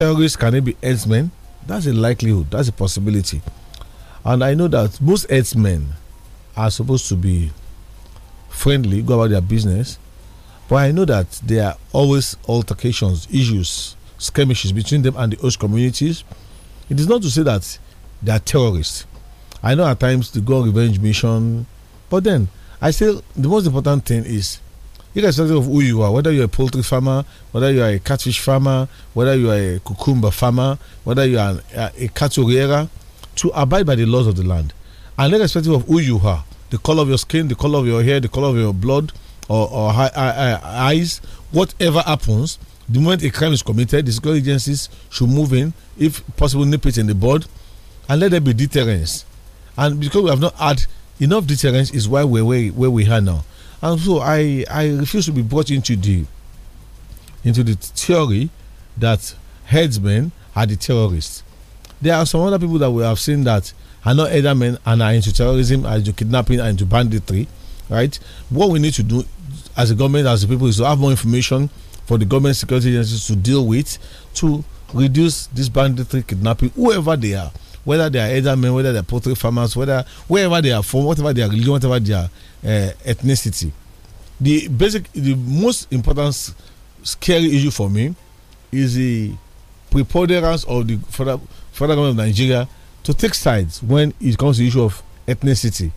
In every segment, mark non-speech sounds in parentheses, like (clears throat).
terrorists can it be headsmen? That's a likelihood. That's a possibility. And I know that most headsmen are supposed to be friendly, go about their business. But I know that there are always altercations, issues, skirmishes between them and the host communities. It is not to say that they are terrorists. I know at times they go on revenge mission, but then I say the most important thing is you guys of who you are, whether you're a poultry farmer, whether you are a catfish farmer, whether you are a cucumber farmer, whether you are a, a cattle to abide by the laws of the land. And irrespective of who you are, the color of your skin, the color of your hair, the color of your blood or, or eyes, whatever happens, the moment a crime is committed, the security agencies should move in, if possible, nip it in the bud and let there be deterrence. And because we have not had enough deterrence, is why we're where, where we are now and so I, I refuse to be brought into the into the theory that headsmen are the terrorists. There are some other people that we have seen that are not headsmen and are into terrorism, are into kidnapping, are into banditry, right? What we need to do as a government, as a people, is to have more information for the government security agencies to deal with to reduce this banditry, kidnapping, whoever they are, whether they are headsmen, whether they are poultry farmers, whether wherever they are from, whatever they are religion, whatever they are uh, ethnicity. The basic, the most important scary issue for me is the preponderance of the federal, federal government of Nigeria to take sides when it comes to the issue of ethnicity.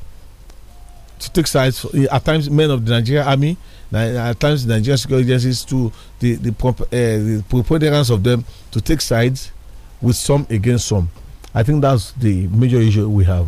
To take sides, eh, at times, men of the Nigerian army, at times, the Nigerian security agencies, to the, the, uh, the preponderance of them to take sides with some against some. I think that's the major issue we have.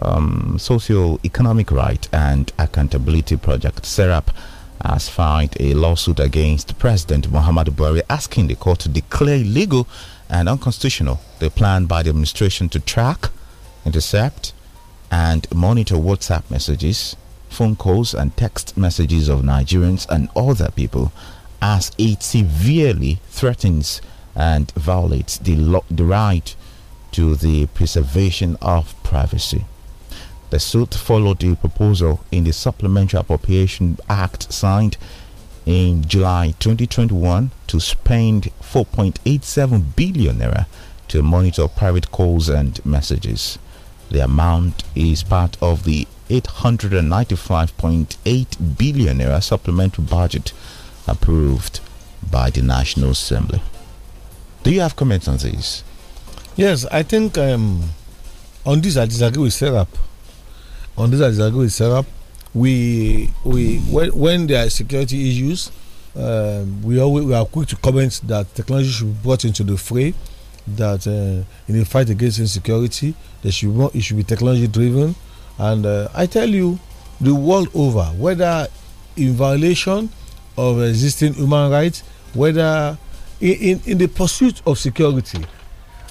um, socio-economic right and accountability project serap has filed a lawsuit against president muhammad buhari asking the court to declare illegal and unconstitutional the plan by the administration to track intercept and monitor whatsapp messages phone calls and text messages of nigerians and other people as it severely threatens and violates the, the right to the preservation of privacy the suit followed the proposal in the Supplementary Appropriation Act signed in July 2021 to spend 4.87 billion naira to monitor private calls and messages. The amount is part of the 895.8 billion naira supplementary budget approved by the National Assembly. Do you have comments on this? Yes, I think um, on this I disagree with Serap on this Azago is set up. We we when, when there are security issues, um, we always we are quick to comment that technology should be brought into the fray. That uh, in the fight against insecurity, there should be, it should be technology driven. And uh, I tell you, the world over, whether in violation of existing human rights, whether in, in, in the pursuit of security,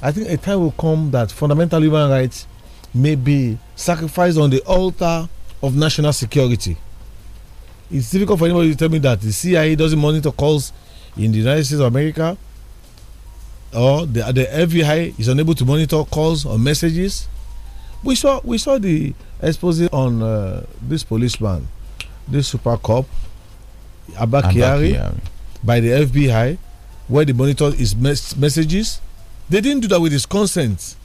I think a time will come that fundamental human rights may be sacrificed on the altar of national security. It's difficult for anybody to tell me that the CIA doesn't monitor calls in the United States of America or the, uh, the FBI is unable to monitor calls or messages. We saw we saw the expose on uh, this policeman, this super cop, Abakiari, by the FBI, where they monitored his mes messages. They didn't do that with his consent,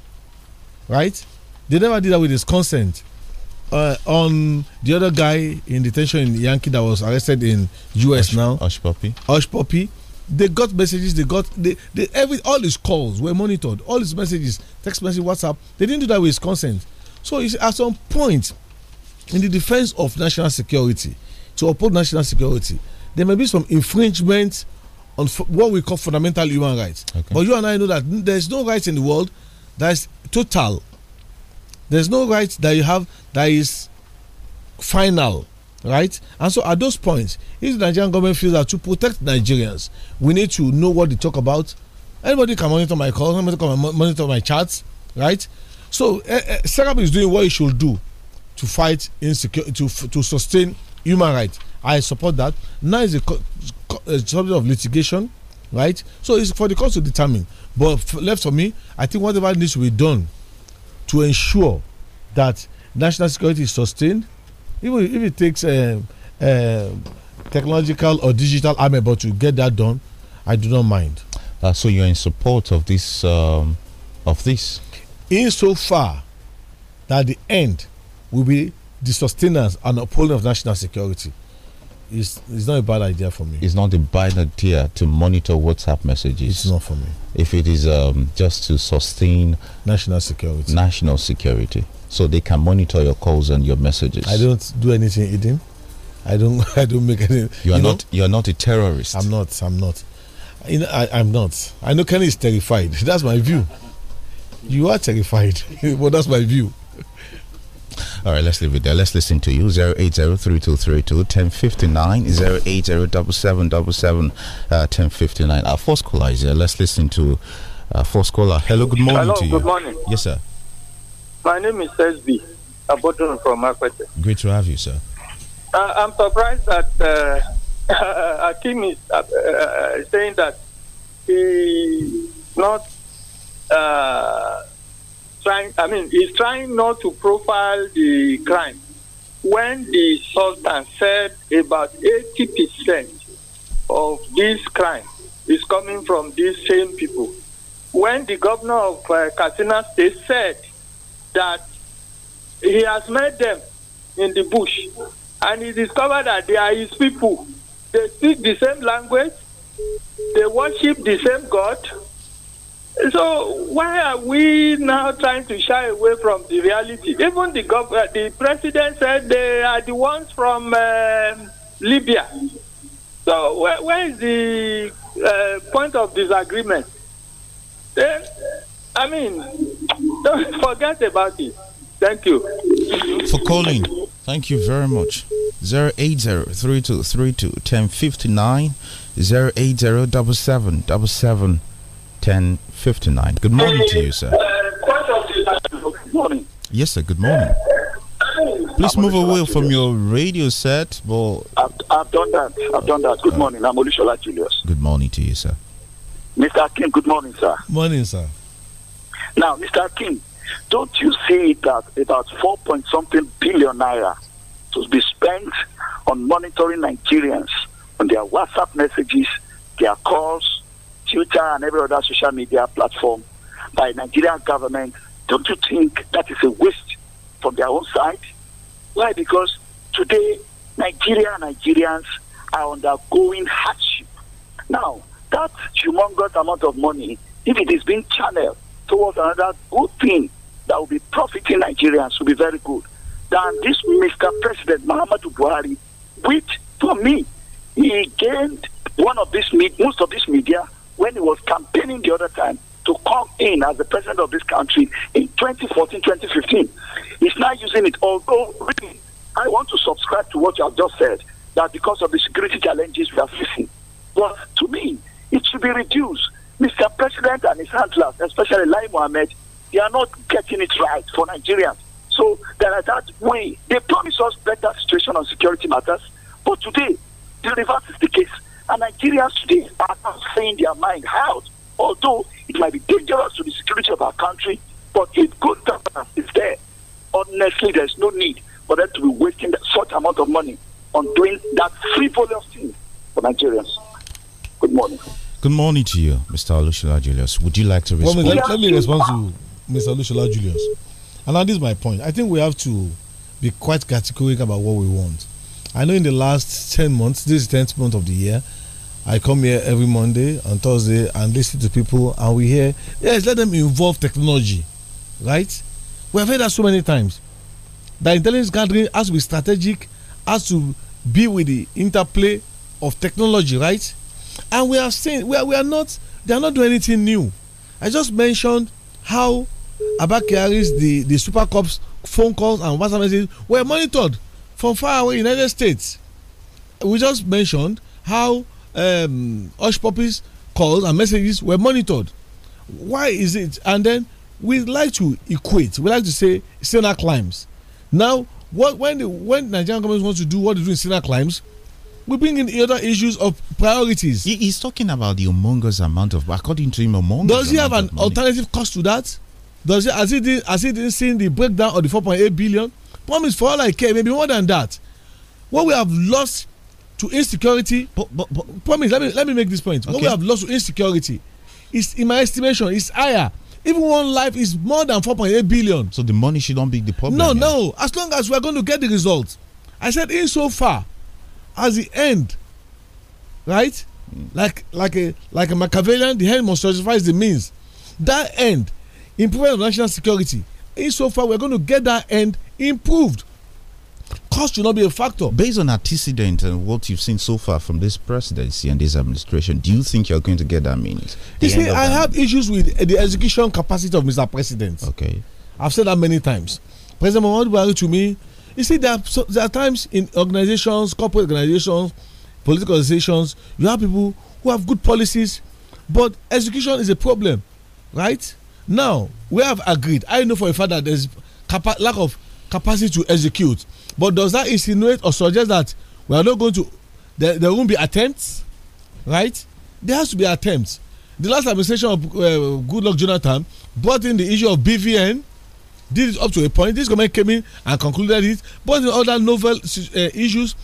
right? They never did that with his consent. Uh, on the other guy in detention in Yankee that was arrested in US Osh, now. Osh Poppy. Osh Poppy. They got messages. They got they, they every all his calls were monitored. All his messages, text message, WhatsApp. They didn't do that with his consent. So at some point in the defense of national security, to uphold national security, there may be some infringement on what we call fundamental human rights. Okay. But you and I know that there's no rights in the world that is total there's no right that you have that is final, right? And so at those points, if the Nigerian government feels that to protect Nigerians, we need to know what they talk about. Anybody can monitor my calls, anybody can monitor my chats, right? So uh, eh, uh, eh, Serap is doing what he should do to fight insecurity, to, to sustain human rights. I support that. Now is a, a eh, subject of litigation, right? So it's for the court to determine. But left for me, I think whatever needs to be done to ensure that national security is sustained, even if it takes a, um, um, technological or digital armor, but to get that done, I do not mind. Uh, so you're in support of this, um, of this, insofar that the end will be the sustenance and upholding of national security it's, it's not a bad idea for me. It's not a bad idea to monitor WhatsApp messages. It's not for me. If it is um, just to sustain national security, national security, so they can monitor your calls and your messages. I don't do anything hidden. I don't. (laughs) I don't make any. You are you not. Know? You are not a terrorist. I'm not. I'm not. You know, I, am not. I know Kenny is terrified. (laughs) That's my view. You are terrified, Well, (laughs) that's my view. All right, let's leave it there. Let's listen to you. 80 uh, Our first caller is here. Let's listen to our uh, first caller. Hello, good morning Hello, to you. good morning. Yes, sir. My name is B. I'm Abodun from Akwete. Great to have you, sir. Uh, I'm surprised that uh, (coughs) Akim is uh, uh, saying that he not... Uh, trying, I mean, he's trying not to profile the crime. When the Sultan said about 80% of this crime is coming from these same people, when the governor of uh, Katsina State said that he has met them in the bush and he discovered that they are his people, they speak the same language, they worship the same God, so why are we now trying to shy away from the reality? Even the uh, the president said they are the ones from uh, Libya. So where, where is the uh, point of disagreement? Eh, I mean, (laughs) don't forget about it. Thank you for calling. Thank you very much. Zero eight zero three two three two ten fifty nine zero eight zero double seven double seven. 080 1059. Good morning to you, sir. Good morning. Yes, sir. Good morning. Please move away from your radio set. Well, I've, I've done that. I've done that. Good uh, morning. I'm Olushola Julius. Good morning to you, sir. Mr. King, good morning, sir. Morning, sir. Now, Mr. King, don't you see that about 4 point something billion naira to be spent on monitoring Nigerians on their WhatsApp messages, their calls, Twitter and every other social media platform by Nigerian government, don't you think that is a waste from their own side? Why? Because today Nigeria Nigerians are undergoing hardship. Now, that humongous amount of money, if it is being channeled towards another good thing that will be profiting Nigerians, will be very good. Than this Mr. President Muhammadu Buhari, which for me, he gained one of these most of this media when he was campaigning the other time to come in as the president of this country in 2014, 2015. He's now using it. Although, really, I want to subscribe to what you have just said, that because of the security challenges we are facing. But to me, it should be reduced. Mr. President and his handlers, especially Lai Mohammed, they are not getting it right for Nigerians. So there are that way. They promise us better situation on security matters, but today, the reverse is the case. And Nigerians today are not saying their mind out, although it might be dangerous to the security of our country, but if good governance is there, honestly, there's no need for them to be wasting such amount of money on doing that frivolous thing for Nigerians. Good morning. Good morning to you, Mr. Alushola Julius. Would you like to respond? Well, let, let me respond to Mr. Alushola Julius. And that is my point. I think we have to be quite categorical about what we want. I know in the last 10 months, this is 10th month of the year, I come here every Monday and Thursday and listen to people, and we hear, yes, let them involve technology, right? We have heard that so many times. The intelligence gathering has to be strategic, has to be with the interplay of technology, right? And we are seen we are, we are not they are not doing anything new. I just mentioned how Abakiari's the the Super Cups phone calls and WhatsApp messages were monitored from far away United States. We just mentioned how um, hush puppies calls and messages were monitored. Why is it? And then we like to equate. We like to say Sena climbs. Now, what when the when Nigerian government wants to do what they do in Sena climbs, we bring in other issues of priorities. He, he's talking about the humongous amount of, according to him, humongous. Does he have an alternative cost to that? Does he has he did, has he didn't seen the breakdown of the 4.8 billion? Promise for all I care, maybe more than that. What we have lost to insecurity. But, but, but promise. Let me let me make this point. Okay. What we have lost to insecurity is, in my estimation, is higher. Even one life is more than four point eight billion. So the money should not be the problem. No, no. As long as we are going to get the results, I said in so far as the end, right? Mm. Like like a like a Machiavellian, the end must justify the means. That end, improvement of national security. In so far, we are going to get that end improved cost should not be a factor. Based on antecedent and what you've seen so far from this presidency and this administration, do you think you're going to get that means? You I have issues with the execution capacity of Mr. President. Okay. I've said that many times. President Muhammadu Buhari to me, you see, there are, so, there are times in organizations, corporate organizations, political organizations, you have people who have good policies, but execution is a problem, right? Now, we have agreed. I know for a fact that there's lack of capacity to execute but does that insinuate or suggest that we are not going to there, there won't be attempts right there has to be attempts the last administration of uh, goodluck jonathan brought in the issue of bvn did it up to a point this government came in and concluded it brought in other novel uh, issues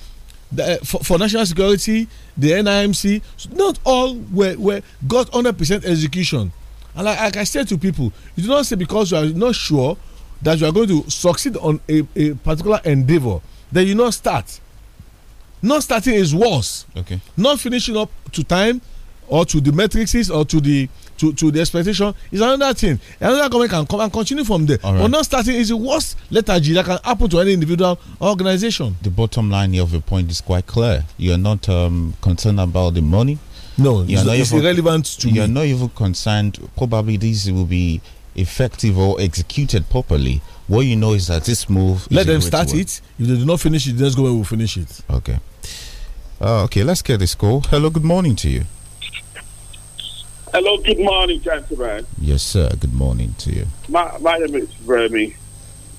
the, uh, for, for, national security the nimc so not all were, were got 100 execution and like, like, i said to people you do not say because you are not sure that you are going to succeed on a, a particular endeavor, then you not start. Not starting is worse. Okay. Not finishing up to time or to the matrices or to the to, to the expectation is another thing. Another comment can come and continue from there. Right. But not starting is the worst lethargy that can happen to any individual organization. The bottom line of your point is quite clear. You're not um, concerned about the money. No, you're it's, not it's even, irrelevant to You're me. not even concerned. Probably this will be effective or executed properly, what you know is that this move. Let them start it. If they do not finish it, let's go and we'll finish it. Okay. Uh, okay, let's get this call. Hello, good morning to you. Hello, good morning, gentlemen. Yes, sir. Good morning to you. My, my name is Remy.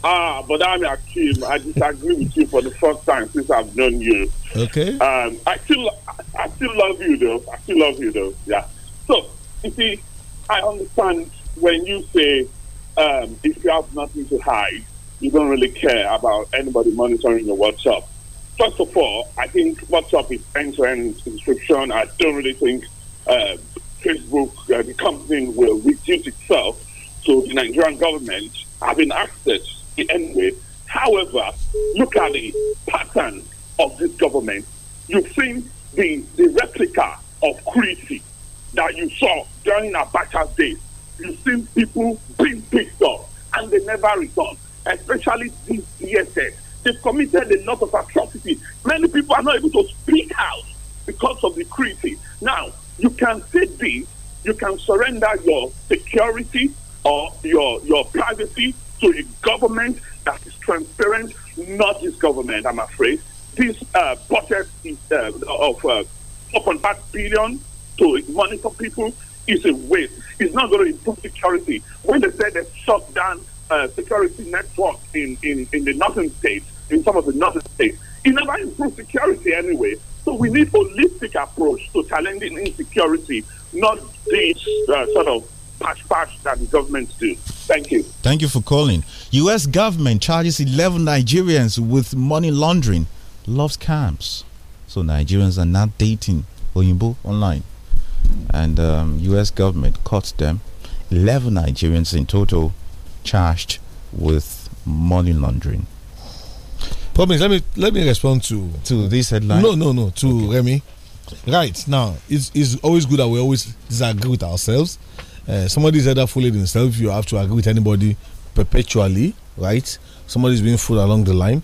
Ah, but I'm Akim. I disagree with you for the first time since I've known you. Okay. Um, I still, I still love you though. I still love you though. Yeah. So you see, I understand when you say um, if you have nothing to hide, you don't really care about anybody monitoring your WhatsApp. First of all, I think WhatsApp is end-to-end encryption. I don't really think uh, Facebook, uh, the company, will reduce itself to the Nigerian government having access in any way. However, look at the pattern of this government. You've seen the, the replica of Creasy that you saw during Abacha's days you've seen people being picked up and they never return, especially these DSS. They've committed a lot of atrocities. Many people are not able to speak out because of the cruelty. Now, you can say this, you can surrender your security or your, your privacy to a government that is transparent, not this government, I'm afraid. This uh, budget is, uh, of uh, 4.5 billion to monitor people is a waste is not going to improve security. When they said they shut down uh, security networks in, in, in the northern states, in some of the northern states, it never improved security anyway. So we need holistic approach to challenging insecurity, not this uh, sort of patch patch that the governments do. Thank you. Thank you for calling. U.S. government charges 11 Nigerians with money laundering, love scams. So Nigerians are not dating Oyinbo online and um, U.S. government caught them. Eleven Nigerians in total charged with money laundering. Promise, let me let me respond to to this headline. No, no, no. To okay. Remy, right now, it's it's always good that we always disagree with ourselves. Uh, somebody's either fooling himself. You have to agree with anybody perpetually, right? Somebody's being fooled along the line.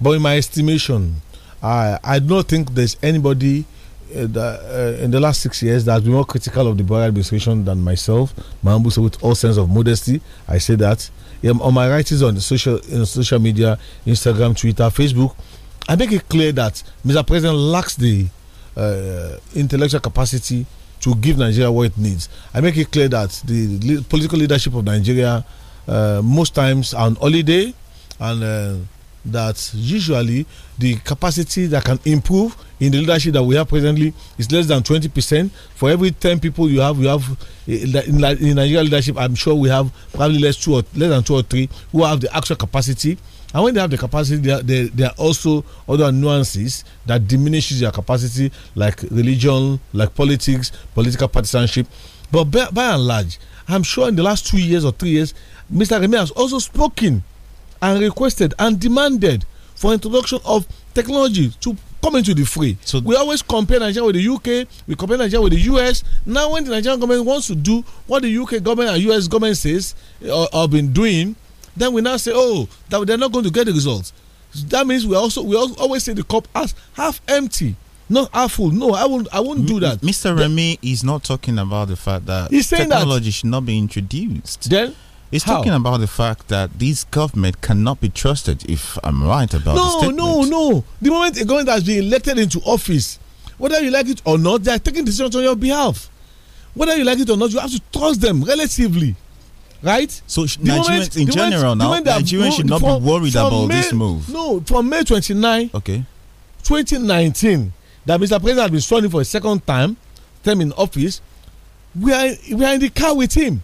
But in my estimation, I I don't think there's anybody uh, uh, in the last six years that has been more critical of the Buhari administration than myself. Mambu, so with all sense of modesty, I say that. Yeah, um, on my right is on social in social media, Instagram, Twitter, Facebook. I make it clear that Mr. President lacks the uh, intellectual capacity to give Nigeria what it needs. I make it clear that the political leadership of Nigeria uh, most times are on holiday and uh, that usually the capacity that can improve in the leadership that we have presently is less than 20%. For every 10 people you have, you have eh, in Nigerian leadership, I'm sure we have probably less, two or, less than two or three who have the actual capacity. And when they have the capacity, there are, also other nuances that diminishes their capacity, like religion, like politics, political partisanship. But by, by and large, I'm sure in the last two years or three years, Mr. Remy has also spoken and requested and demanded for introduction of technology to come into the free. So we always compare Nigeria with the UK, we compare Nigeria with the US. Now, when the Nigerian government wants to do what the UK government and US government says or, uh, have been doing, then we now say, oh, that they're not going to get the results. That means we also we always say the cup as half empty not full. No, I won't. I won't do that. Mr. Remy is not talking about the fact that He's saying technology that. should not be introduced. Then He's How? talking about the fact that this government cannot be trusted, if I'm right about No, no, no. The moment a government has been elected into office, whether you like it or not, they are taking decisions on your behalf. Whether you like it or not, you have to trust them relatively. Right? So, Nigerians in general moment, now, Nigerians should not from, be worried about May, this move. No, from May 29, okay. 2019, that Mr. President has been sworn in for a second time, term in office, we are, we are in the car with him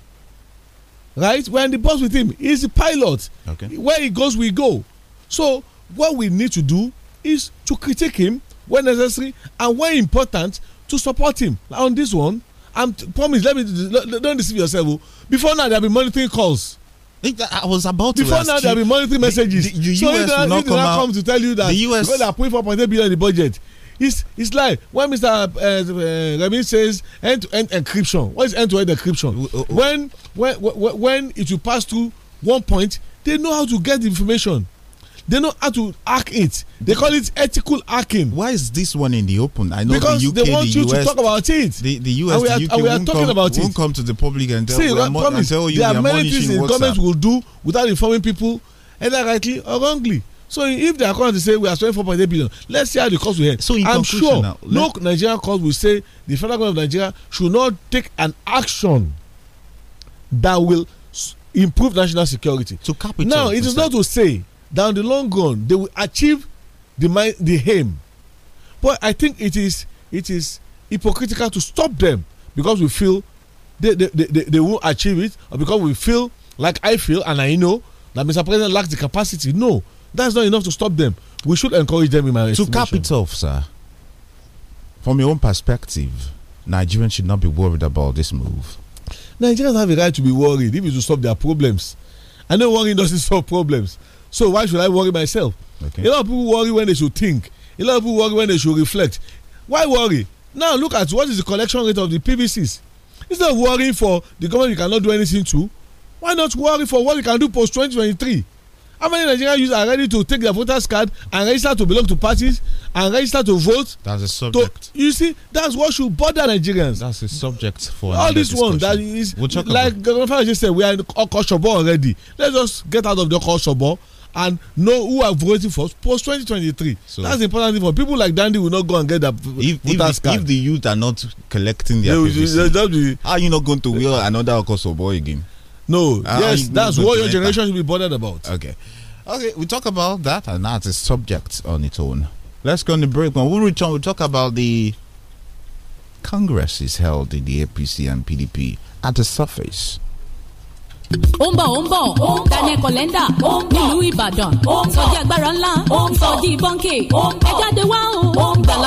right? We're in the bus with him. He's the pilot. Okay. Where he goes, we go. So what we need to do is to critique him when necessary and when important to support him like on this one. I'm promise. Let me don't deceive yourself. Oh. Before now, there'll be monitoring calls. I was about to Before now, there'll be monitoring messages. The, the, US so will not come, out, come to tell you that the US, will they're putting 4.8 billion in the budget, it's it's like when Mr. Uh, uh, says end to end encryption. What is end to end encryption? oh. When when when it will pass through one point, they know how to get the information. They know how to hack it. They call it ethical hacking. Why is this one in the open? I know because the UK, they want you to talk about it. The, the US, and we are, UK and we are talking come, about it. Won't come to the public and tell, See, we are, promise, you there are many things the government will do without informing people, either rightly or wrongly. So if they are going to say we are spending 4.8 billion, let's see how the cost will end. So I'm sure now, no Nigerian court will say the federal government of Nigeria should not take an action that will improve national security. To cap Now, it is not to say down the long run they will achieve the the aim, but I think it is it is hypocritical to stop them because we feel they they, they, they won't achieve it or because we feel like I feel and I know that Mr. President lacks the capacity. No, that's not enough to stop them. We should encourage them in my To cap it off, sir, from your own perspective, Nigerians should not be worried about this move. Nigerians have a right to be worried if it's to solve their problems. I know worrying doesn't (laughs) solve problems. So why should I worry myself? Okay. A lot of people worry when they should think. A lot of people worry when they should reflect. Why worry? Now look at what is the collection rate of the PVCs. Instead of worrying for the government you cannot do anything to, why not worry for what you can do post 2023? How many Nigerian youths are ready to take their voters card and register to belong to parties and register to vote? That's a subject. To, you see, that's what should bother Nigerians. That's a subject for all this one. That is we'll like Governor just said, we are in culture ball already. Let's just get out of the culture and know who are voting for us post 2023. So that's important thing for people like Dandy will not go and get that if, card if, the youth are not collecting their, PVC, how are you not going to wear another Okosobo again? No, uh, yes, that's what your generation should be bothered about. Okay. Okay, we talk about that, and that's a subject on its own. Let's go on the break. When we return, we talk about the Congress is held in the APC and PDP at the surface. Daniel Kolenda Ìbàdàn sọjí agbára ńlá sọjí bọ́ńkì wá o.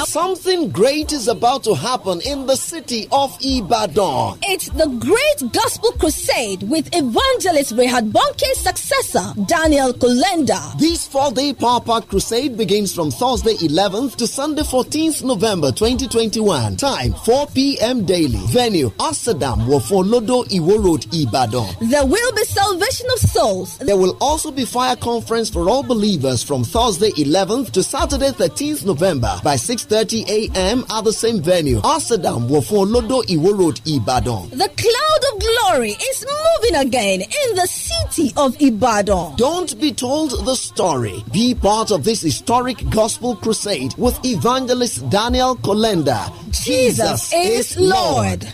Something great is about to happen in the city of Ibadan. It's the Great Gospel Crusade with evangelist Rehad Bonke's successor, Daniel Kolenda. This four day power packed crusade begins from Thursday 11th to Sunday 14th November 2021. Time 4 p.m. daily. Venue Amsterdam, Wofolodo Iwo Road, Ibadan. There will be salvation of souls. There will also be fire conference for all believers from Thursday 11th to Saturday 13th November by 6:30 a.m. at the same venue, Asadam Wofolodo Iwo Road, Ibadan. The cloud of glory is moving again in the city of Ibadan. Don't be told the story. Be part of this historic gospel crusade with evangelist Daniel Kolenda. Jesus, Jesus is Lord. Lord.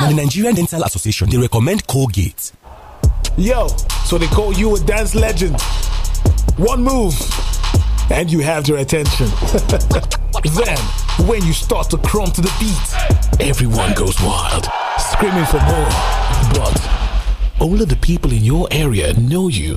Now, the Nigerian Dental Association, they recommend Colgate. Yo, so they call you a dance legend. One move, and you have their attention. (laughs) then, when you start to crumb to the beat, everyone goes wild, screaming for more. But only the people in your area know you.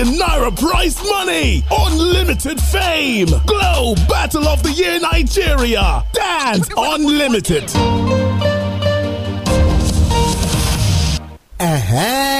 million naira prize money, unlimited fame, Glow Battle of the Year Nigeria, Dance Unlimited.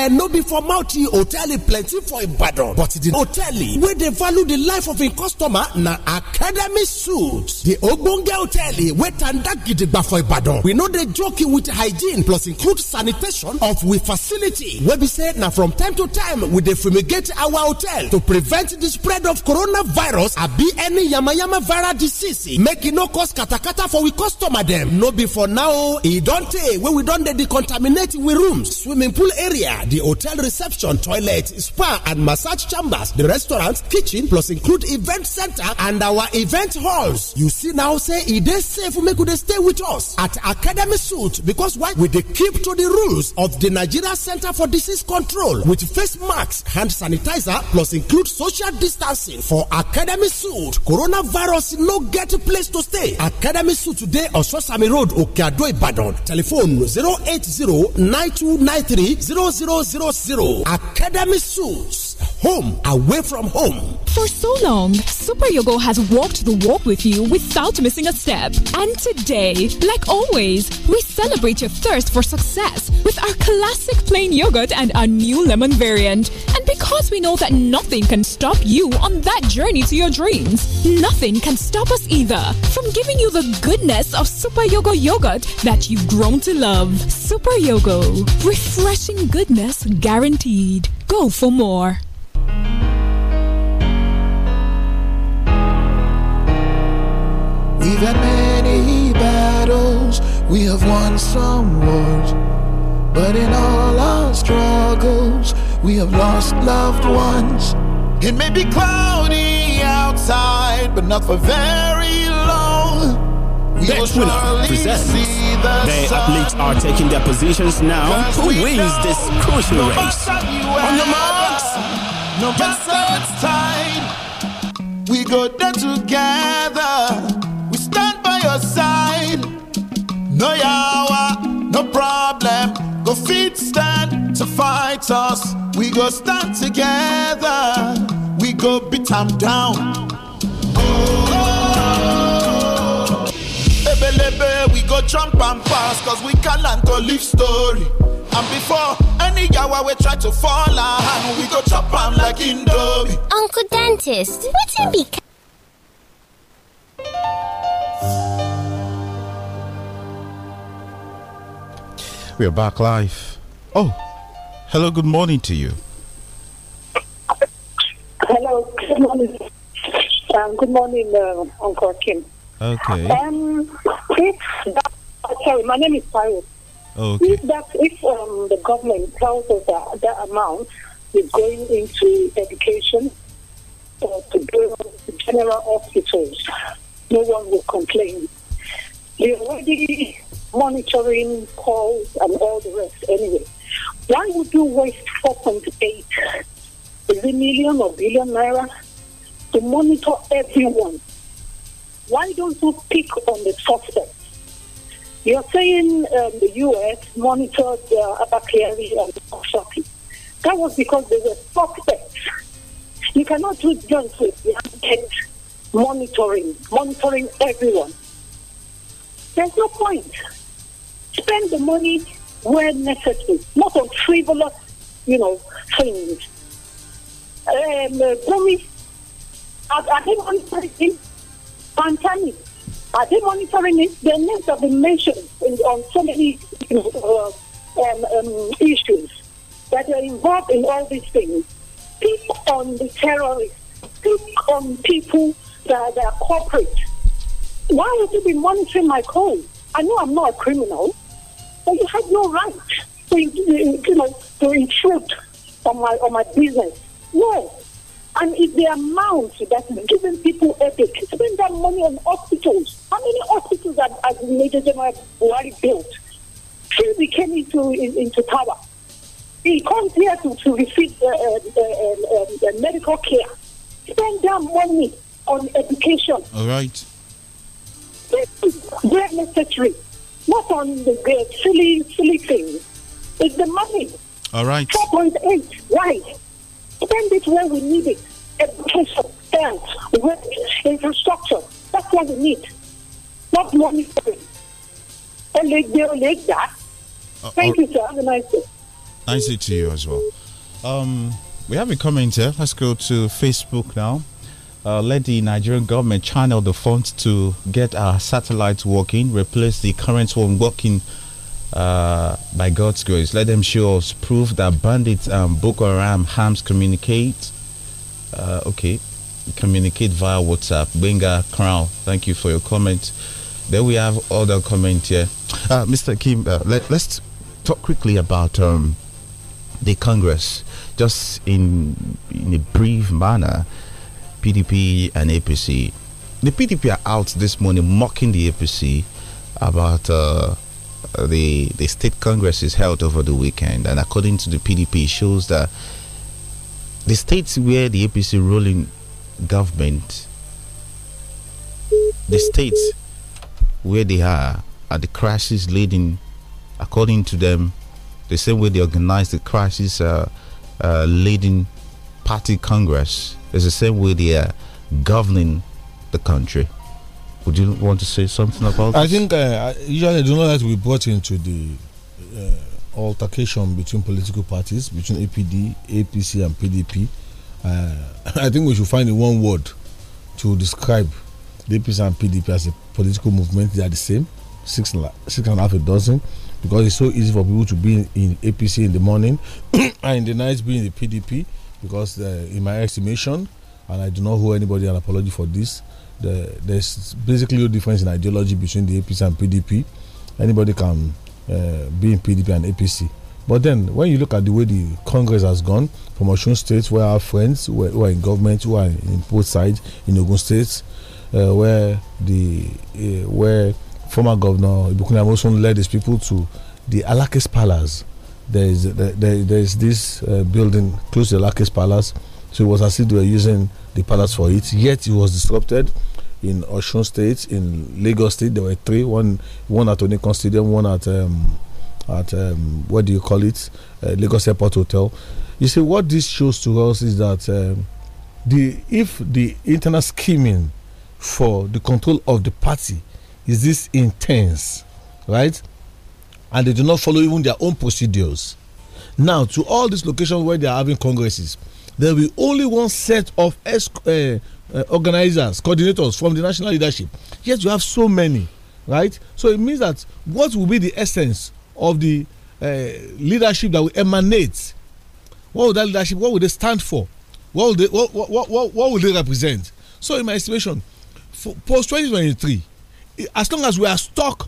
no be for mouth hotel plenty for ibadan but the hotel wey dey value the life of im customer na academy suits di ogbonge hotel wey tanda gidigba for ibadan we no dey joke with hygiene plus include sanitation of we facility wey be say na from time to time we dey fumigate our hotel to prevent the spread of coronavirus abi any yamayama viral disease make e no cause katakata for we customer dem no be for now oh. e don tey wey we don dey decontaminate we rooms swimming swimming pool area, the hotel reception, toilet, spa and massage chambers, the restaurant, kitchen, plus include event center and our event halls. You see now say e dey safe make we stay with us at Academy Suit because why we they keep to the rules of the Nigeria Center for Disease Control with face masks, hand sanitizer plus include social distancing for Academy Suit. Coronavirus no get place to stay. Academy Suit today Ososami Road, Okeado, Ibadan. Telephone 0809293 zero zero zero zero academy suits home, away from home. For so long, Super Yogo has walked the walk with you without missing a step. And today, like always, we celebrate your thirst for success with our classic plain yogurt and our new lemon variant. And because we know that nothing can stop you on that journey to your dreams, nothing can stop us either from giving you the goodness of Super Yogo yogurt that you've grown to love. Super Yogo, refreshing goodness guaranteed. Go for more. We've had many battles, we have won some wars. But in all our struggles, we have lost loved ones. It may be cloudy outside, but not for very long. Bet The athletes are taking their positions now. Who wins this crucial race? On your marks, no matter it's time, we go there together. No yawa, no problem. Go feed stand to fight us. We go stand together. We go beat them down. Oh. we go jump and pass, cause we can't go to live story. And before any yawa we try to fall our hand, we go chop on like indomie. Uncle Dentist, what's in be? We are back live. Oh, hello, good morning to you. Hello, good morning. Um, good morning, uh, Uncle Kim. Okay. Um, that, sorry, my name is Paro. Okay. If, that, if um, the government tells us that that amount is going into education or to build general hospitals, no one will complain. They already monitoring calls and all the rest anyway. Why would you waste million or billion naira to monitor everyone? Why don't you pick on the suspects? You're saying um, the U.S. monitored uh, Abakari and Khashoggi. That was because they were suspects. You cannot do just with blanket monitoring, monitoring everyone. There's no point. Spend the money where necessary, not on frivolous, you know, things. Um, uh, are, are they monitoring it? Pantani, are they monitoring it? Their names have been mentioned in, on so many uh, um, um, issues that are involved in all these things. Pick on the terrorists. Pick on people that, that are corporate. Why would you be monitoring my coin? I know I'm not a criminal. But you had no right to, you know, to intrude on my, on my business. No. And if the amount that's giving people epic, spend that money on hospitals. How many hospitals have, have Major General Buhari built since he came into, into power? He comes here to, to receive uh uh uh, uh, uh, uh, medical care. Spend that money on education. All right. This is very necessary not on the silly, silly thing. It's the money. All right. 4.8, right. Spend it where we need it. Education, health, work, infrastructure. That's what we need. Not money spending. Uh, Thank oh. you, sir. Have a nice day. Nice day to you as well. Um, we have a comment here. Eh? Let's go to Facebook now uh, let the Nigerian government channel the funds to get our satellites working, replace the current one working uh, by God's grace. Let them show us proof that bandits and Boko Haram harms communicate. Uh, okay, communicate via WhatsApp. Benga Crown, thank you for your comment. Then we have other comment here. Uh, Mr. Kim, uh, let, us talk quickly about um, the Congress. Just in in a brief manner, PDP and APC. The PDP are out this morning mocking the APC about uh, the the state congress is held over the weekend, and according to the PDP, shows that the states where the APC ruling government, the states where they are, are the crisis leading, according to them, the same way they organize the crisis uh, uh, leading party congress it's the same way they are governing the country. Would you want to say something about? I this? think uh, usually I do not like to be brought into the uh, altercation between political parties between APD, APC, and PDP. Uh, (laughs) I think we should find the one word to describe the APC and PDP as a political movement. They are the same, six six and a half a dozen, because it's so easy for people to be in, in APC in the morning (coughs) and in the night be in the PDP because uh, in my estimation, and I do not owe anybody an apology for this, the, there's basically no difference in ideology between the APC and PDP. Anybody can uh, be in PDP and APC. But then, when you look at the way the Congress has gone from Oshun State, where our friends who are, who are in government, who are in both sides, in Ogun State, uh, where the uh, where former governor Ibukunle Amosun led his people to the Alakis Palace there is there, there is this uh, building close to the Lakis Palace, so it was as if they were using the palace for it. Yet it was disrupted in Osun State, in Lagos State. There were three: one one at Onikon Stadium, one at um, at um, what do you call it, uh, Lagos Airport Hotel. You see, what this shows to us is that um, the if the internal scheming for the control of the party is this intense, right? and they do not follow even their own procedures. Now, to all these locations where they are having congresses, there will be only one set of uh, uh, organizers, coordinators from the national leadership. Yet you have so many, right? So it means that what will be the essence of the uh, leadership that will emanate? What will that leadership? What will they stand for? What will they? What what what, what will they represent? So in my estimation, post 2023, as long as we are stuck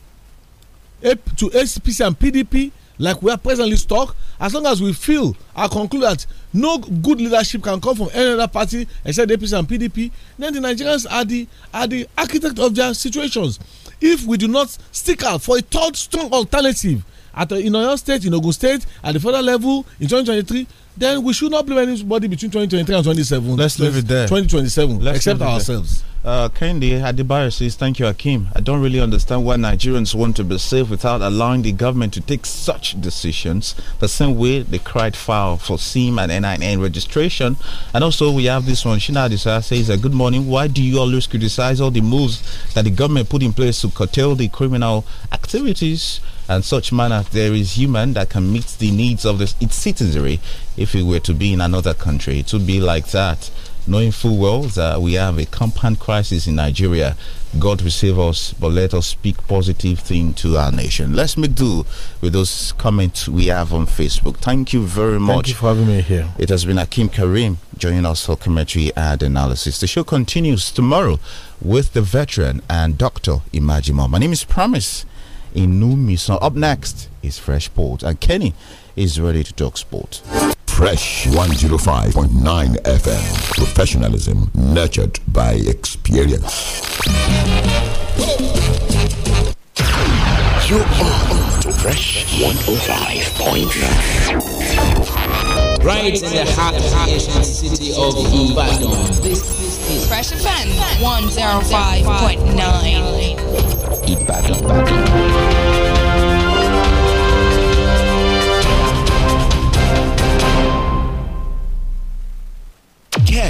to ACPC and PDP like we are presently stuck as long as we feel and conclude that no good leadership can come from any other party except APC and PDP then the Nigerians are the are the architect of their situations if we do not stick out for a third strong alternative at the uh, in State in State at the federal level in 2023 then we should not blame anybody between 2023 and 27 let's leave it there 2027 let's except ourselves. Uh, Kendi Adibayo says, Thank you, Akim. I don't really understand why Nigerians want to be safe without allowing the government to take such decisions. The same way they cried foul for SIM and NIN registration. And also, we have this one. Shina Adisa says, uh, Good morning. Why do you always criticize all the moves that the government put in place to curtail the criminal activities? and such manner there is human that can meet the needs of this, its citizenry if it were to be in another country. It would be like that knowing full well that we have a compound crisis in Nigeria. God receive us, but let us speak positive thing to our nation. Let's make do with those comments we have on Facebook. Thank you very much. Thank you for having me here. It has been Akim Karim joining us for commentary and analysis. The show continues tomorrow with the veteran and Dr. Imajimo. My name is Promise Inumi. So up next is Fresh Port, and Kenny is ready to talk sport. Fresh 105.9 FM. Professionalism nurtured by experience. You are on to Fresh 105.9. Right in the heart of the city of Ibadan. This is Fresh FM 105.9. Ibadan.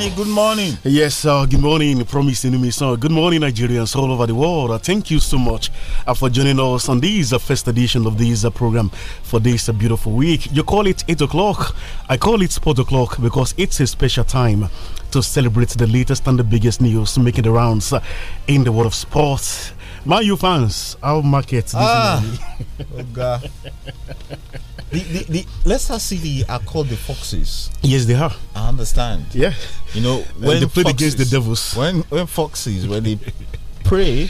Danny, good morning. Yes, uh, good morning, Promise Inumison. Good morning, Nigerians all over the world. Uh, thank you so much uh, for joining us on this uh, first edition of this uh, program for this uh, beautiful week. You call it 8 o'clock, I call it sport o'clock because it's a special time to celebrate the latest and the biggest news making the rounds in the world of sports. My you fans, our market this ah, morning. oh God. (laughs) the, the, the Leicester City are called the Foxes. Yes, they are. I understand. Yeah. You know, when and they played against the Devils. When when Foxes, when they (laughs) pray,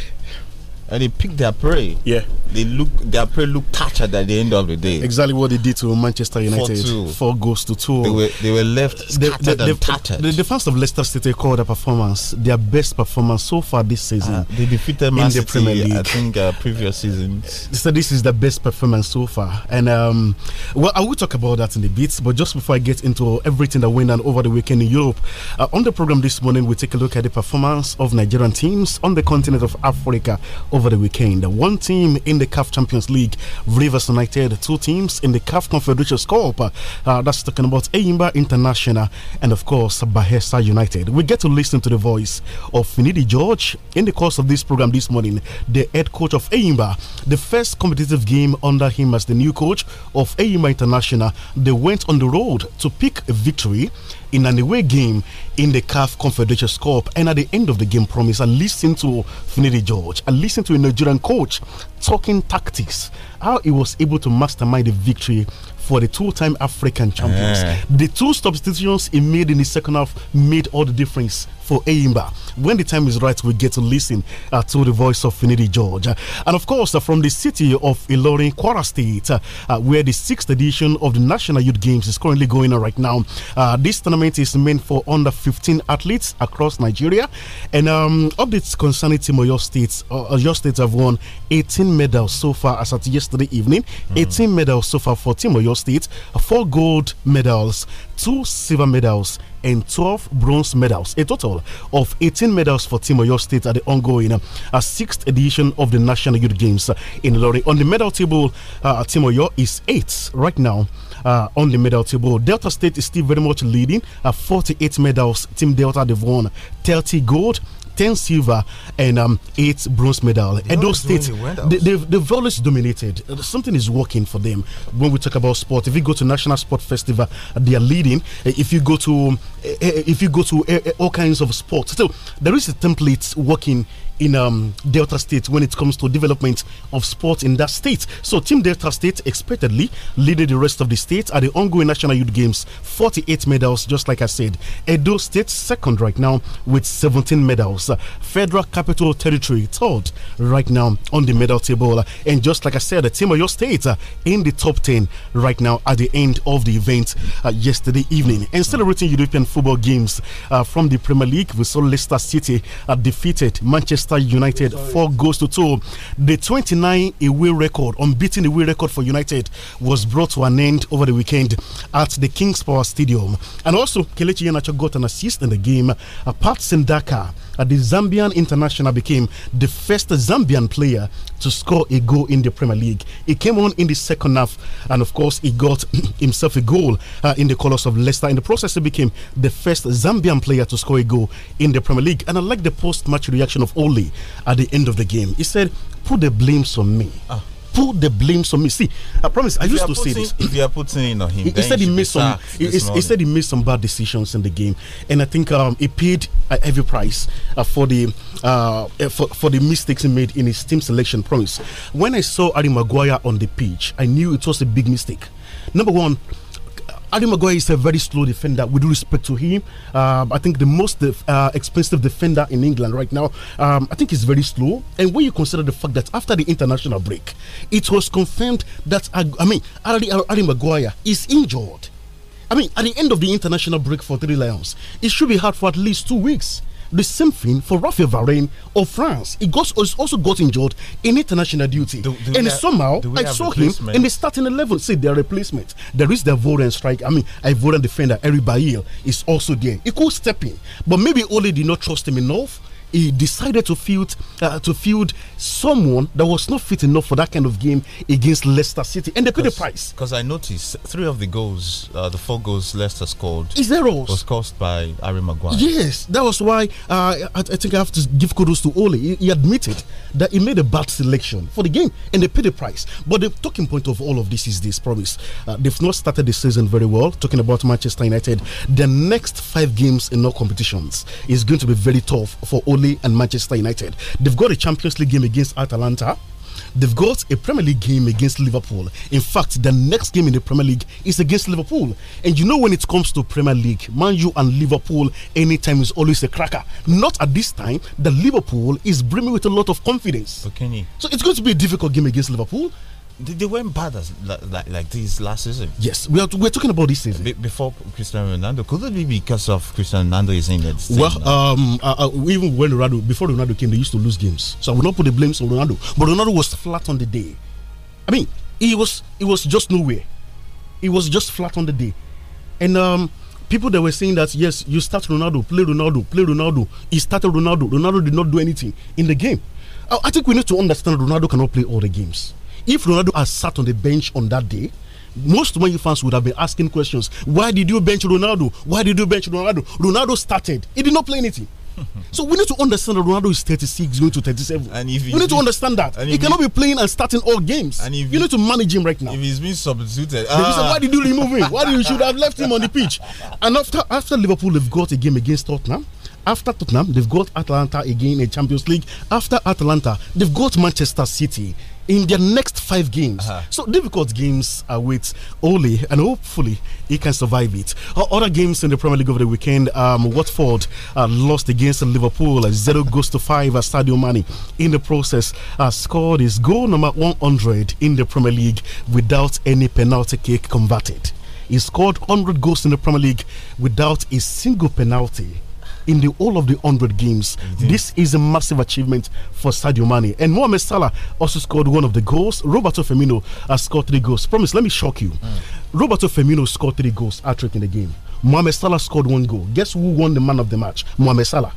and they pick their prey. Yeah, they look their prey look tattered at the end of the day. Exactly what they did to Manchester United. Four, Four goals to two. They were they were left scattered the, the, and tattered. The, the fans of Leicester City called a performance their best performance so far this season. Uh, they defeated Man in the Premier League. I think uh, previous seasons. So this is the best performance so far, and um, well, I will talk about that in a bit. But just before I get into everything that went on over the weekend in Europe, uh, on the program this morning we take a look at the performance of Nigerian teams on the continent of Africa. Over over the weekend. One team in the CAF Champions League, Rivers United, two teams in the CAF Confederations Cup. Uh, that's talking about Eimba International and, of course, Bahesa United. We get to listen to the voice of Finidi George in the course of this program this morning, the head coach of Eimba. The first competitive game under him as the new coach of Eimba International, they went on the road to pick a victory in an away game in the CAF Confederation Cup. And at the end of the game, promise, I listened to Finidi George, I listened to a Nigerian coach talking tactics, how he was able to mastermind the victory for the two-time African champions. Eh. The two substitutions he made in the second half made all the difference for Aimba. When the time is right, we get to listen uh, to the voice of Finidi George. Uh, and of course, uh, from the city of Ilorin, Kwara State, uh, uh, where the sixth edition of the National Youth Games is currently going on right now. Uh, this tournament is meant for under 15 athletes across Nigeria. And um, updates concerning Team Oyo State, your State have won 18 medals so far as at yesterday evening. Mm. 18 medals so far for Timoyo. State four gold medals, two silver medals, and 12 bronze medals, a total of 18 medals for Team Oyo State at the ongoing uh, sixth edition of the National Youth Games in Lorry. On the medal table, uh, Team Oyo is eighth right now. Uh, on the medal table. Delta State is still very much leading at uh, 48 medals. Team Delta, they've won 30 gold, 10 silver, and um, 8 bronze medal. and those states, well they, they've, they've always dominated. Something is working for them when we talk about sport. If you go to National Sport Festival, they are leading. If you go to eh, eh, if you go to eh, all kinds of sports, so there is a template working in um, Delta State when it comes to development of sports in that state. So Team Delta State expectedly leading the rest of the state at the ongoing National Youth Games, 48 medals, just like I said. Edo State second right now with 17 medals. Uh, Federal Capital Territory third right now on the medal table. Uh, and just like I said, the team of your state uh, in the top 10 right now at the end of the event uh, yesterday evening. And celebrating European football games uh, from the Premier League, we saw Leicester City uh, defeated Manchester Manchester United, four goals to two. The 29 away record, unbeaten away record for United, was brought to an end over the weekend at the Kings Power Stadium. And also, Kelechi Yenacho got an assist in the game. Apart Sindaka the Zambian international became the first Zambian player to score a goal in the Premier League. He came on in the second half, and of course, he got (clears throat) himself a goal uh, in the colours of Leicester. In the process, he became the first Zambian player to score a goal in the Premier League. And I like the post match reaction of Ole at the end of the game. He said, Put the blame on me. Ah put the blame on me. See, I promise. If I used to putting, say this. If you are putting on him, he, said he made some. He, he, said he made some bad decisions in the game, and I think um, he paid a heavy price uh, for the uh, for, for the mistakes he made in his team selection. Promise. When I saw Harry Maguire on the pitch, I knew it was a big mistake. Number one, Adi Maguire is a very slow defender. With respect to him, um, I think the most uh, expensive defender in England right now. Um, I think he's very slow. And when you consider the fact that after the international break, it was confirmed that I mean Adi, Adi Maguire is injured. I mean, at the end of the international break for Three Lions, it should be hard for at least two weeks the same thing for Rafael Varane of France. He got, also got injured in international duty. Do, do and have, somehow I saw him in the starting 11. See, their replacement. There is the Ivorian strike. I mean, Ivorian defender Eric Bailly is also there. He could step in, but maybe Ole did not trust him enough he decided to field uh, to field someone that was not fit enough for that kind of game against Leicester City, and they paid the price. Because I noticed three of the goals, uh, the four goals Leicester scored, is was caused by Harry Maguire. Yes, that was why uh, I, I, think I have to give kudos to Ole. He, he, admitted that he made a bad selection for the game, and they paid the price. But the talking point of all of this is this: promise uh, they've not started the season very well. Talking about Manchester United, the next five games in all competitions is going to be very tough for Ole. Napoli and Manchester United. They've got a Champions League game against Atalanta. They've got a Premier League game against Liverpool. In fact, the next game in the Premier League is against Liverpool. And you know, when it comes to Premier League, Man U and Liverpool, anytime is always a cracker. Not at this time, the Liverpool is brimming with a lot of confidence. So it's going to be a difficult game against Liverpool. They weren't bad as like, like these last season. Yes, we are we're talking about this season Be before Cristiano Ronaldo. Could it be because of Cristiano Ronaldo is in it? Well, um, uh, uh, even when Ronaldo before Ronaldo came, they used to lose games. So I will not put the blame on Ronaldo, but Ronaldo was flat on the day. I mean, he was he was just nowhere. He was just flat on the day, and um, people that were saying that yes, you start Ronaldo, play Ronaldo, play Ronaldo. He started Ronaldo. Ronaldo did not do anything in the game. I think we need to understand Ronaldo cannot play all the games if Ronaldo had sat on the bench on that day, most Man fans would have been asking questions. Why did you bench Ronaldo? Why did you bench Ronaldo? Ronaldo started. He did not play anything. (laughs) so we need to understand that Ronaldo is 36 going to 37. And if you need to understand that he cannot be playing and starting all games. And if you need to manage him right now. If he's been substituted, ah. said, why did you remove him? Why did you should have left him on the pitch? (laughs) And after after Liverpool, they've got a game against Tottenham. After Tottenham, they've got Atlanta again in Champions League. After Atlanta, they've got Manchester City in their next five games. Uh -huh. So difficult games are with Ole, and hopefully he can survive it. Other games in the Premier League over the weekend, um, Watford uh, lost against Liverpool at uh, zero goals to five at Stadio Mani. In the process, uh, scored his goal number 100 in the Premier League without any penalty kick converted. He scored 100 goals in the Premier League without a single penalty in the all of the 100 games. Indeed. Mm-hmm. This is a massive achievement for Sadio Mane. And Mohamed Salah also scored one of the goals. Roberto Firmino has scored three goals. Promise, let me shock you. Mm. Roberto Firmino scored three goals, hat trick in the game. Mohamed Salah scored one goal. Guess who won the man of the match? Mohamed Salah.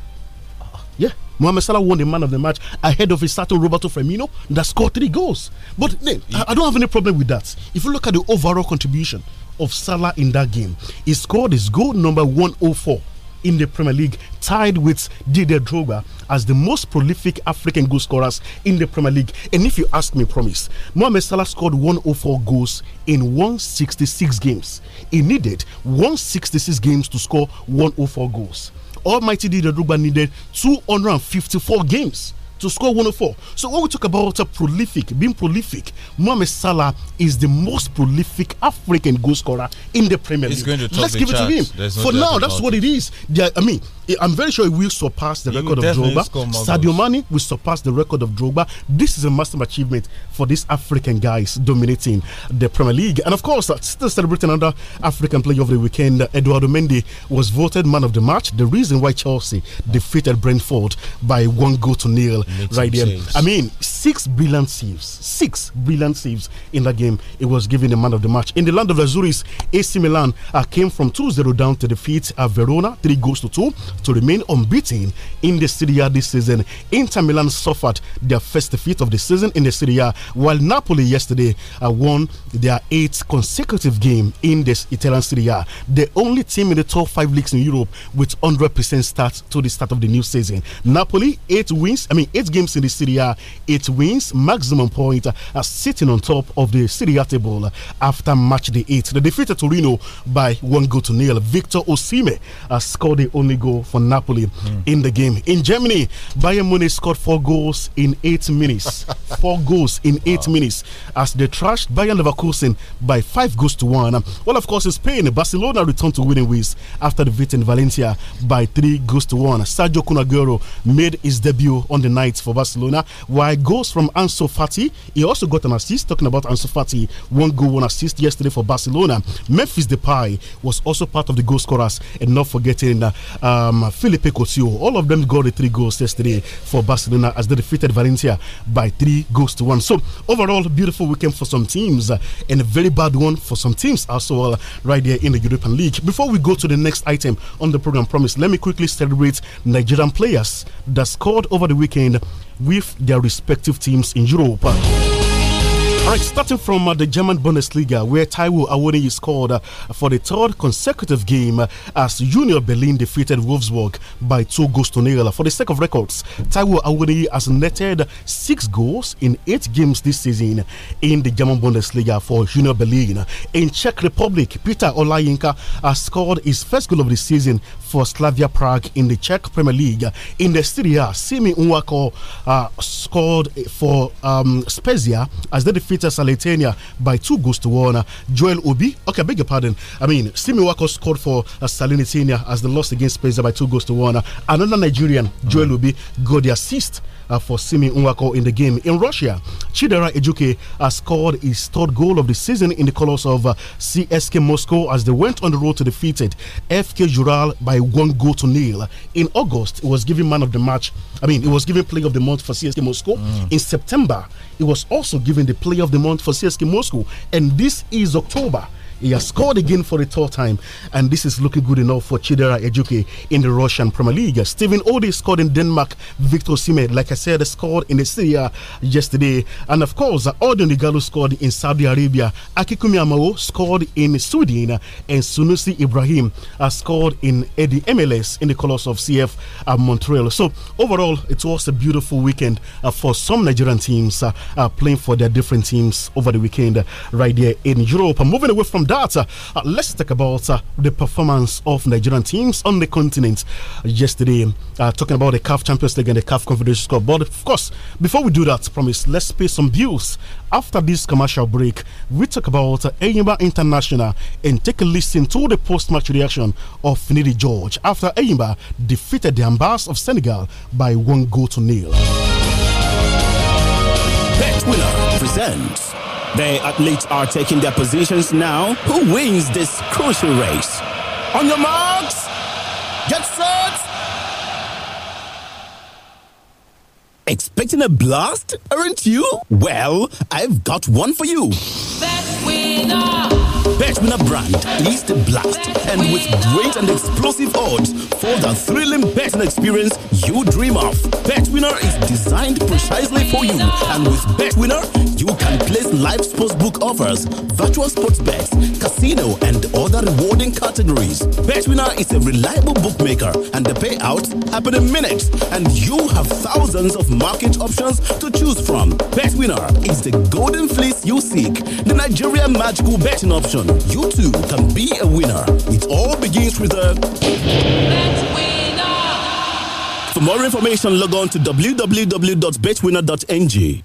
Yeah. Mohamed Salah won the man of the match ahead of his starting Roberto Firmino that scored three goals. But then, I don't have any problem with that. If you look at the overall contribution of Salah in that game, he scored his goal number 104 in the Premier League, tied with Didier Drogba as the most prolific African goal scorers in the Premier League. And if you ask me, promise, Mohamed Salah scored 104 goals in 166 games. He needed 166 games to score 104 goals. Almighty Didier Drogba needed 254 games to score 104. So when we talk about prolific, being prolific, Mohamed Salah is the most prolific African goal scorer in the Premier League. Let's give it to him. No For now, that's what it is. I mean, eh, I'm very sure he will surpass the he record of Drogba. Sadio Mane will surpass the record of Drogba. This is a massive achievement for these African guys dominating the Premier League. And of course, uh, still celebrating another African Player of the Weekend, uh, Eduardo Mendy was voted man of the match. The reason why Chelsea defeated Brentford by one goal to nil right there. Saves. I mean, six brilliant saves, six brilliant saves in that game. It was given the man of the match. In the land of Azuris, AC Milan uh, came from 2-0 down to defeat uh, Verona, three goals to two, to remain unbeaten in the Serie A this season. Inter Milan suffered their first defeat of the season in the Serie A, while Napoli yesterday uh, won their eighth consecutive game in this Italian Serie A. The only team in the top five leagues in Europe with 100% start to the start of the new season. Napoli, eight wins, I mean, eight games in the Serie A, eight wins, maximum point, uh, sitting on top of the Serie A table after match day eight. They defeated Torino by one goal to nil. Victor Osime uh, scored the only goal for Napoli mm. in the game. In Germany, Bayern Munich scored four goals in eight minutes. (laughs) four goals in eight minutes as they trashed Bayern Leverkusen by five goals to one. Well, of course, in Spain, Barcelona returned to winning ways after defeating Valencia by three goals to one. Sergio Kunagüero made his debut on the night night for Barcelona. While goals from Ansu Fati, he also got an assist. Talking about Ansu Fati, one goal, one assist yesterday for Barcelona. Memphis Depay was also part of the goal scorers, and not forgetting Philippe um, Felipe Coutinho. All of them got the three goals yesterday for Barcelona as they defeated Valencia by three goals to one. So overall, beautiful weekend for some teams uh, and a very bad one for some teams as well, uh, right there in the European League. Before we go to the next item on the program, promise. Let me quickly celebrate Nigerian players that scored over the weekend with their respective teams in Europe right, starting from uh, the German Bundesliga, where Taiwo Awoniyi scored uh, for the third consecutive game uh, as Junior Berlin defeated Wolfsburg by two goals to nil. For the sake of records, Taiwo Awoniyi has netted six goals in eight games this season in the German Bundesliga for Junior Berlin. In Czech Republic, Peter Olajinka has scored his first goal of the season for Slavia Prague in the Czech Premier League. In the Serie A, Simi Unwako uh, scored for um, Spezia as they defeated defeated Salentania by two goals to one. Joel Obi, okay, I beg your pardon. I mean, Simi Wako scored for uh, Salentania as they lost against Pesa by two goals to one. Another Nigerian, Joel mm. Obi, got the assist. Uh, for Simi Nwako in the game. In Russia, Chidera Ejuke has scored his third goal of the season in the colors of uh, CSK Moscow as they went on the road to defeat FK Jural by one goal to nil. In August, it was given man of the match. I mean, it was given player of the month for CSK Moscow. Mm. In September, he was also given the Player of the Month for CSK Moscow, and this is October. He has scored again for the third time, and this is looking good enough for Chidera Ejuke in the Russian Premier League. Stephen Odi scored in Denmark. Victor Sime, like I said, scored in the Syria yesterday. And of course, Odin Igalo scored in Saudi Arabia. Akikumi Amao scored in Sweden, and Sunusi Ibrahim has uh, scored in Eddie MLS in the colours of CF uh, Montreal. So, overall, it was a beautiful weekend uh, for some Nigerian teams playing for their different teams over the weekend right there in Europe. moving away from that that, let's talk about uh, the performance of Nigerian teams on the continent yesterday. Uh, talking about the CAF Champions League and the CAF Confederation Cup. But of course, before we do that, promise, let's pay some bills. After this commercial break, we talk about uh, International and take a listen to the post match reaction of Finidi George after Eyimba defeated the Ambassador of Senegal by one goal to nil. Bet Winner presents the athletes are taking their positions now. Who wins this crucial race? On your marks, get set. Expecting a blast, aren't you? Well, I've got one for you. Best winner. Betwinner brand, is the Blast. And with great and explosive odds for the thrilling betting experience you dream of. Betwinner is designed precisely for you. And with Betwinner, you can place live sports book offers, virtual sports bets, casino, and other rewarding categories. Betwinner is a reliable bookmaker, and the payouts happen in minutes. And you have thousands of market options to choose from. Betwinner is the golden fleece you seek, the Nigeria magical betting option. competition, you too can be a winner. It all begins with a. Let's win For more information, log on to www.betwinner.ng.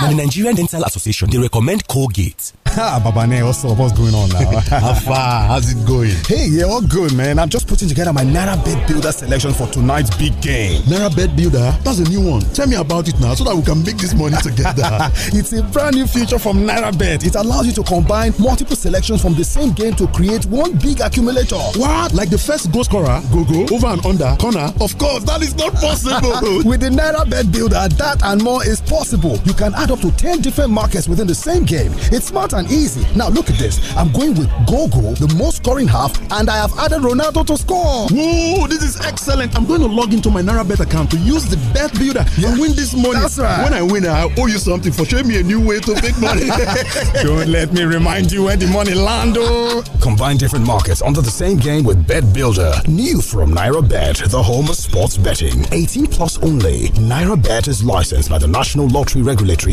Now, the Nigerian Dental Association, they recommend Colgate. Ha, (laughs) ah, Baba Ne, what's, up? what's going on now? How (laughs) far? How's it going? Hey, yeah, all good, man. I'm just putting together my Nara Bed Builder selection for tonight's big game. Nara Bed Builder? That's a new one. Tell me about it now so that we can make this money together. (laughs) it's a brand new feature from Nara Bed. It allows you to combine multiple selections from the same game to create one big accumulator. What? Like the first goal scorer, go go, over and under, corner? Of course, that is not possible. With the Nara Bed Builder, that and more is possible. You can add add up to 10 different markets within the same game. It's smart and easy. Now look at this. I'm going with Gogo, the most scoring half, and I have added Ronaldo to score. Whoa, this is excellent. I'm going to log into my NaraBet account to use the bet builder yeah. and win this money. That's right. When I win, I owe you something for showing me a new way to make money. (laughs) (laughs) Don't let me remind you where the money lando. Oh. Combine different markets under the same game with Bet Builder. New from NaraBet, the home of sports betting. 18 plus only. NaraBet is licensed by the National Lottery Regulatory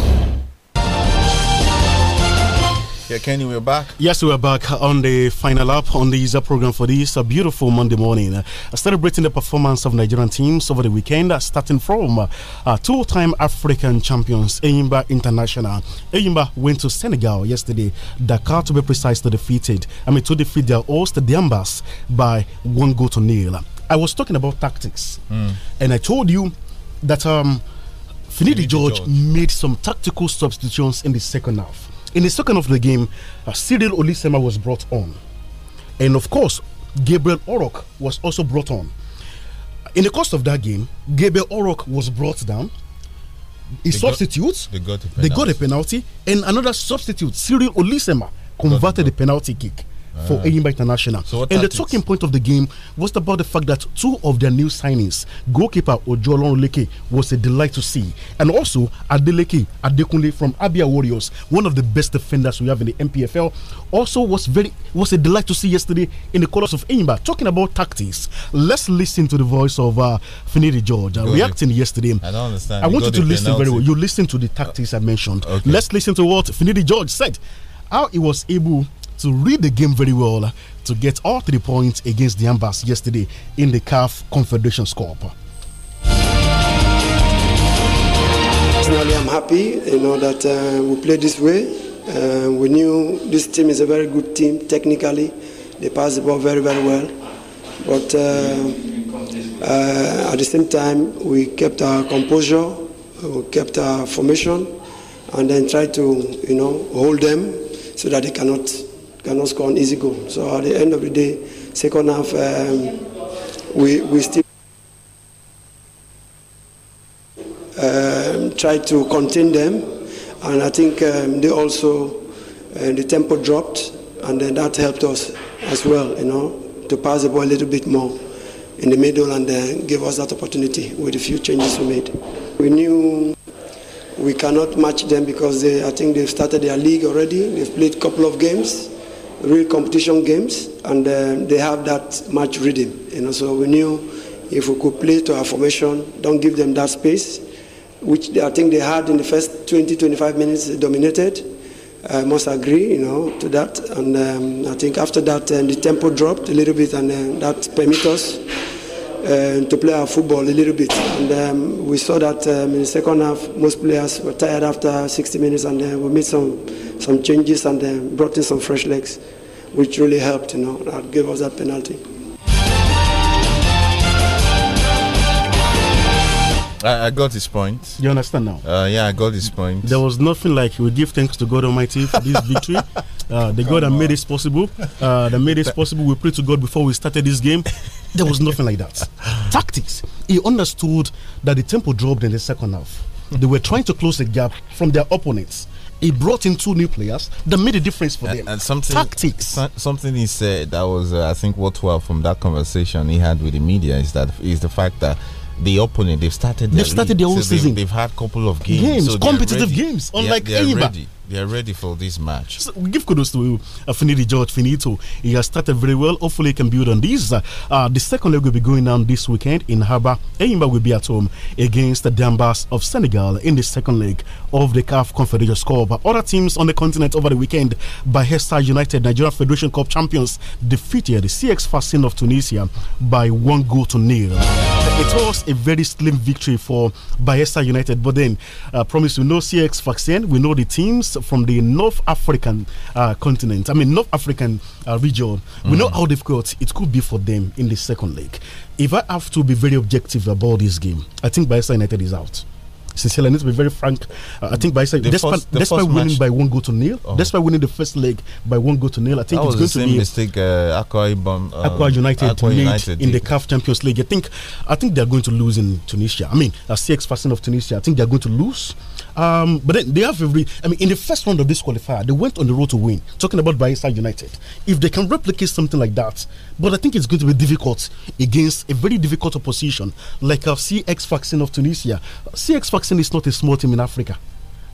Yeah, Kenny, we're back. Yes, we're back on the final lap on the ESA program for this a beautiful Monday morning. Uh, celebrating the performance of Nigerian teams over the weekend, uh, starting from uh, two time African champions, Eyimba International. Eyimba went to Senegal yesterday, Dakar to be precise, to defeated, I mean, to defeat their host, Ambas, by one goal to nil. I was talking about tactics, mm. and I told you that um, Finidi George, George made some tactical substitutions in the second half in the second of the game, uh, Cyril Olisema was brought on. And of course, Gabriel Orok was also brought on. In the course of that game, Gabriel Orok was brought down. His substitutes, they got a penalty. They got a penalty. And another substitute, Cyril Olisema, converted the penalty kick for uh, Enyimba International. So and the talking point of the game was about the fact that two of their new signings, goalkeeper Ojolon Leke, was a delight to see, and also Adeleke Adekunle from Abia Warriors, one of the best defenders we have in the MPFL, also was very was a delight to see yesterday in the colours of Enyimba. Talking about tactics, let's listen to the voice of uh, Finidi George uh, reacting yesterday. I don't understand. I you want you to listen penalty. very well. You listen to the tactics I mentioned. Okay. Let's listen to what Finidi George said, how he was able to read the game very well to get all three points against the Ambas yesterday in the CAF Confederation Cup. Personally, I'm happy you know that uh, we played this way. Uh, we knew this team is a very good team technically. They pass the ball very very well, but uh, uh at the same time we kept our composure, we kept our formation, and then tried to you know hold them so that they cannot cannot score an easy goal. So at the end of the day, second half, um, we, we still um, try to contain them. And I think um, they also, uh, the tempo dropped, and then that helped us as well, you know, to pass the ball a little bit more in the middle and then give us that opportunity with a few changes we made. We knew we cannot match them because they, I think they've started their league already. They've played a couple of games real competition games, and uh, they have that match rhythm. You know, so we knew if we could play to our formation, don't give them that space, which I think they had in the first 20, 25 minutes dominated. I uh, must agree, you know, to that. And um, I think after that, um, the tempo dropped a little bit, and uh, that permit us uh, to play our football a little bit. And um, we saw that um, in the second half, most players were tired after 60 minutes, and uh, we made some some changes and uh, brought in some fresh legs, which really helped. You know, that gave us that penalty. I, I got his point. You understand now? Uh, yeah, I got his point. There was nothing like we give thanks to God Almighty for this victory. (laughs) Uh, the Come God that made this possible, uh, that made this possible. We pray to God before we started this game. There was nothing like that. Tactics. He understood that the tempo dropped in the second half. They were trying to close the gap from their opponents. He brought in two new players that made a difference for and, them. And something tactics. something he said that was, uh, I think, what well from that conversation he had with the media is that is the fact that the opponent they've started. They've started league, their own so season. They've, they've, had a couple of games, games so competitive games, unlike yeah, Eibar. They are ready for this match. So give kudos to uh, Finidi George Finito. He has started very well. Hopefully, he can build on this. Uh, uh, the second leg will be going down this weekend in Harbour. Eimba will be at home against the Dambas of Senegal in the second leg of the CAF Confederation Cup. Other teams on the continent over the weekend by Hester United, Nigeria Federation Cup champions, defeated the CX Fasin of Tunisia by one goal to nil. It was a very slim victory for Bayesa United, but then, I uh, promise you know CX Fasin, we know the teams from the North African uh, continent, I mean, North African uh, region, we know mm. how difficult it could be for them in the second leg. If I have to be very objective about this game, I think Bayelsa United is out. I need to be very frank. Uh, I think by saying, despite, first, despite winning by one goal to nil, oh. despite winning the first leg by one goal to nil, I think that it's going to be mistake. Uh, Aqua, Ibom, um, Aqua United Aqua United in the CAF Champions League. I think, I think they're going to lose in Tunisia. I mean, a CX percent of Tunisia. I think they're going to lose. Um, but then they have every. I mean, in the first round of this qualifier, they went on the road to win. Talking about Bayelsa United, if they can replicate something like that, but I think it's going to be difficult against a very difficult opposition like a CX faction of Tunisia. CX faction. Racing is not a small team in Africa.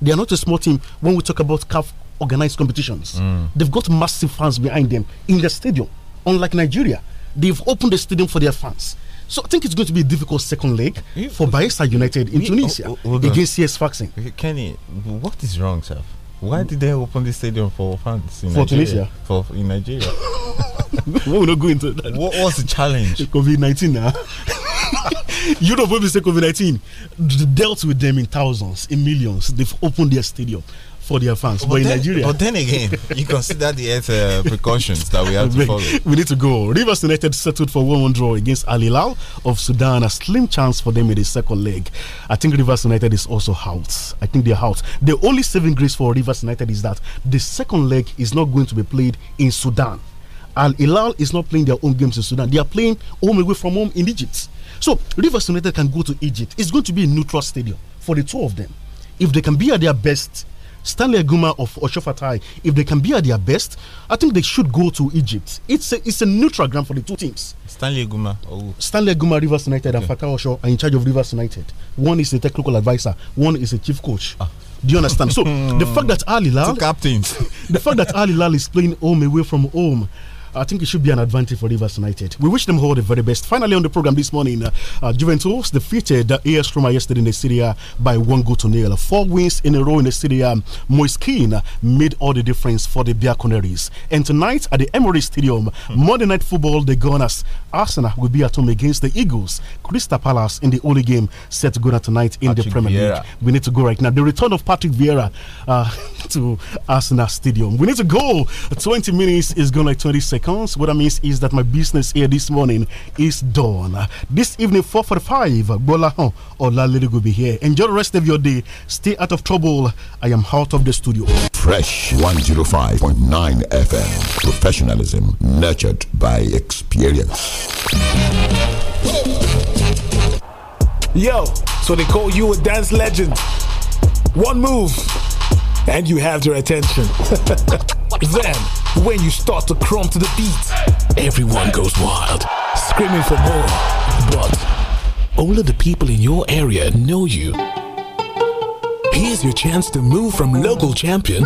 They are not a small team when we talk about organized competitions. Mm. They've got massive fans behind them in the stadium. Unlike Nigeria, they've opened the stadium for their fans. So I think it's going to be a difficult second leg for Bayesa United in we, Tunisia oh, oh, against CS Faxing. Kenny, what is wrong, sir? Why did they open the stadium for fans in for Nigeria? Tunisia? For in Nigeria. (laughs) we will not go into that. What was the challenge? COVID nineteen now. (laughs) Europe, when we say COVID 19, dealt with them in thousands, in millions. They've opened their stadium for their fans. But, but in Nigeria. But then again, you consider the health uh, precautions that we have to follow. We need to go. Rivers United settled for 1 1 draw against Al Hilal of Sudan. A slim chance for them in the second leg. I think Rivers United is also out. I think they're out. The only saving grace for Rivers United is that the second leg is not going to be played in Sudan. Al Hilal is not playing their own games in Sudan. They are playing home away from home in Egypt. So Rivers United can go to Egypt. It's going to be a neutral stadium for the two of them. If they can be at their best, Stanley Aguma of Oshofatai, if they can be at their best, I think they should go to Egypt. It's a, it's a neutral ground for the two teams. Stanley Aguma. Oh. Stanley Aguma, Rivers United, okay. and Fatah Osho are in charge of Rivers United. One is a technical advisor, one is a chief coach. Ah. Do you understand? So the (laughs) fact that Ali Hilal, captains, (laughs) the fact that Ali Lal is playing home away from home, I think it should be an advantage for Rivers United. We wish them all the very best. Finally, on the program this morning, uh, uh, Juventus defeated uh, AS Roma yesterday in the Serie A by one goal to nil. Four wins in a row in the Serie A. Moiskin made all the difference for the Bianconeri. And tonight at the Emirates Stadium, mm. Monday Night Football, the Gunners, Arsenal will be at home against the Eagles. Crystal Palace in the only game set to go down tonight in Patrick the Premier Vieira. League. We need to go right now. The return of Patrick Vieira uh, (laughs) to Arsenal Stadium. We need to go. 20 minutes is gone like 20 seconds seconds. What that means is that my business here this morning is done. This evening, 4.45, Bola Hon Lady will be here. Enjoy the rest of your day. Stay out of trouble. I am out of the studio. Fresh 105.9 FM. Professionalism nurtured by experience. Yo, so they call you a dance legend. One move and you have their attention. (laughs) then, when you start to crumb to the beat, everyone goes wild, screaming for more. But all of the people in your area know you. Here's your chance to move from local champion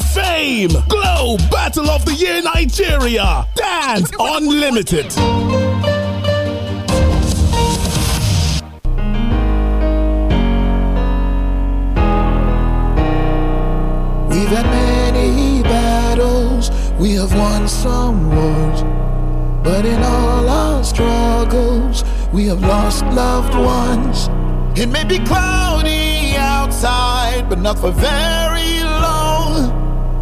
fame. Glow Battle of the Year Nigeria. Dance Unlimited. We've had many battles, we have won some wars. But in all our struggles, we have lost loved ones. It may be cloudy outside, but not for very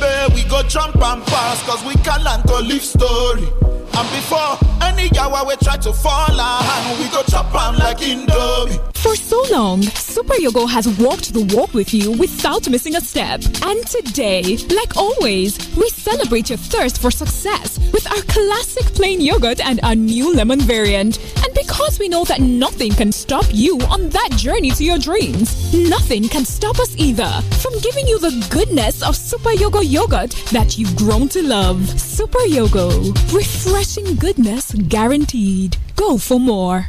baby, we go jump and pass, cause we can land go live story. And before any yawa we try to fall, and we go chop on like Indomie. For so long, Super Yogo has walked the walk with you without missing a step. And today, like always, we celebrate your thirst for success with our classic plain yogurt and our new lemon variant. And because we know that nothing can stop you on that journey to your dreams, nothing can stop us either from giving you the goodness of Super Yogo yogurt that you've grown to love. Super Yogo, refreshing goodness guaranteed. Go for more.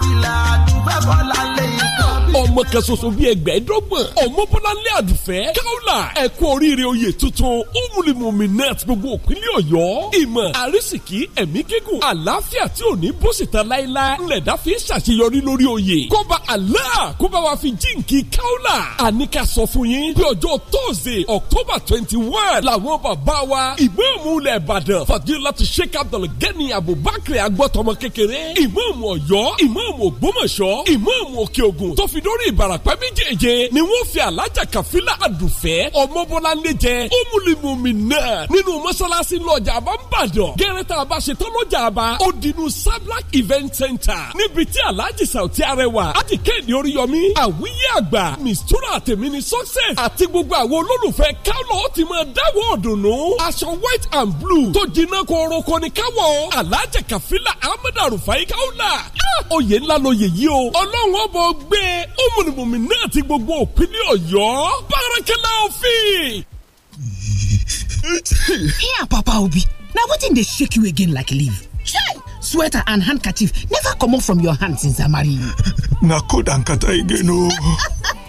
àtìlà àdúfẹ́ bọ́lá lé ọmọ kan ṣoṣo bíi ẹgbẹ̀ẹ́dọ́gbọ̀n ọmọbọ́láńlé àdùfẹ́ káwùlà ẹ̀kú oríire oyè tuntun umulimumi net gbogbo òpínlẹ̀ ọ̀yọ́ ìmọ̀ àrísìkí ẹ̀mí gígùn àlàáfíà tí ò ní bó láéláé ńlẹ̀dá fi ṣàṣeyọrí lórí oyè kọ́ba Allah kó bá wa fi jíǹkì káwùlà àníkà sọ fún yín bí ọjọ́ tóòzè October twenty one làwọn bàbá wa ìmáàmù ilẹ̀ Ìbàdàn fàdílà ti Sheikh Abdulgani Abubakar agbọ́tọmọ kékeré ìmáàmù Ọ̀yọ́ ìmáàmù ìmáàmù ògbómọ̀ṣọ́ ìmáàmù òkè ògùn tó fi dórí ìbàràpá méjèèje ni wọ́n fi alájà kàfílà àdùfẹ́ ọmọbọ́láńdé jẹ ómùlímùmí náà nínú mọ́ṣáláṣí lọ́jà àbá ń bàdàn gẹ́rẹ́ta àbá ṣetán lọ́jà àbá ó sablak event center níbi tí alájì sàùtí arẹwà àti kéde oríyọmí àwíyé àgbà mistura àtẹ̀mí ni success àti gbogbo àwọn olólùfẹ́ kálọ̀ ti máa dáwọ́ ọ̀dùnnú white and blue tó jiná korokò ní káwọ́ alájà kàfílà ahmed arufai káwọ́là ah, oyè ńlá lóye yìí o ọlọ́run ọ̀bọ̀ gbé ọmọnìmọ̀mí náà ti gbogbo òpínlẹ̀ ọ̀yọ́ bárakẹ́lá òfin. here papa obi na wetin dey shake you again like leaf. sweater and handkerchief never comot from your hand since i marry you. na cold and kata again o. Oh. (laughs)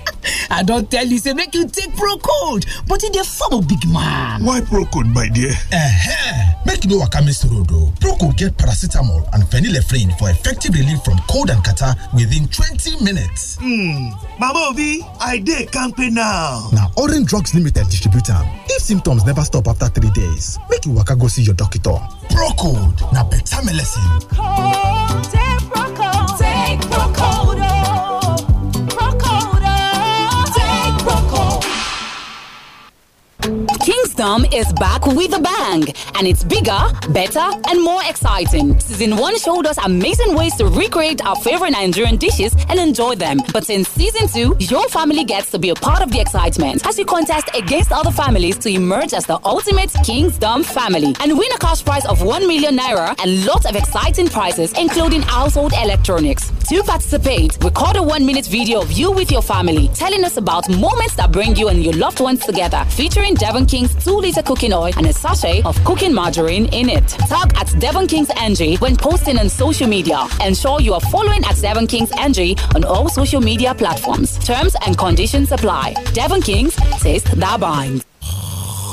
i don't tell you say make you take Procode, but e a form of big man why Procode, my dear eh make you know, waka miss road o procold get paracetamol and phenylephrine for effective relief from cold and catarrh within 20 minutes hmm mama obi i dey kampe now Now orange drugs limited distributor. if symptoms never stop after three days make you waka go see your doctor procold na beta melecine Thumb is back with a bang, and it's bigger, better, and more exciting. Season 1 showed us amazing ways to recreate our favorite Nigerian dishes and enjoy them. But in Season 2, your family gets to be a part of the excitement as you contest against other families to emerge as the ultimate King'sdom family and win a cash prize of 1 million naira and lots of exciting prizes, including household electronics. To participate, record a one minute video of you with your family telling us about moments that bring you and your loved ones together, featuring Devon King's 2 litre cooking oil and a sachet of cooking margarine in it. Tag at Devon Kings Angie when posting on social media. Ensure you are following at Devon Kings Angie on all social media platforms. Terms and conditions apply. Devon Kings, taste that bind.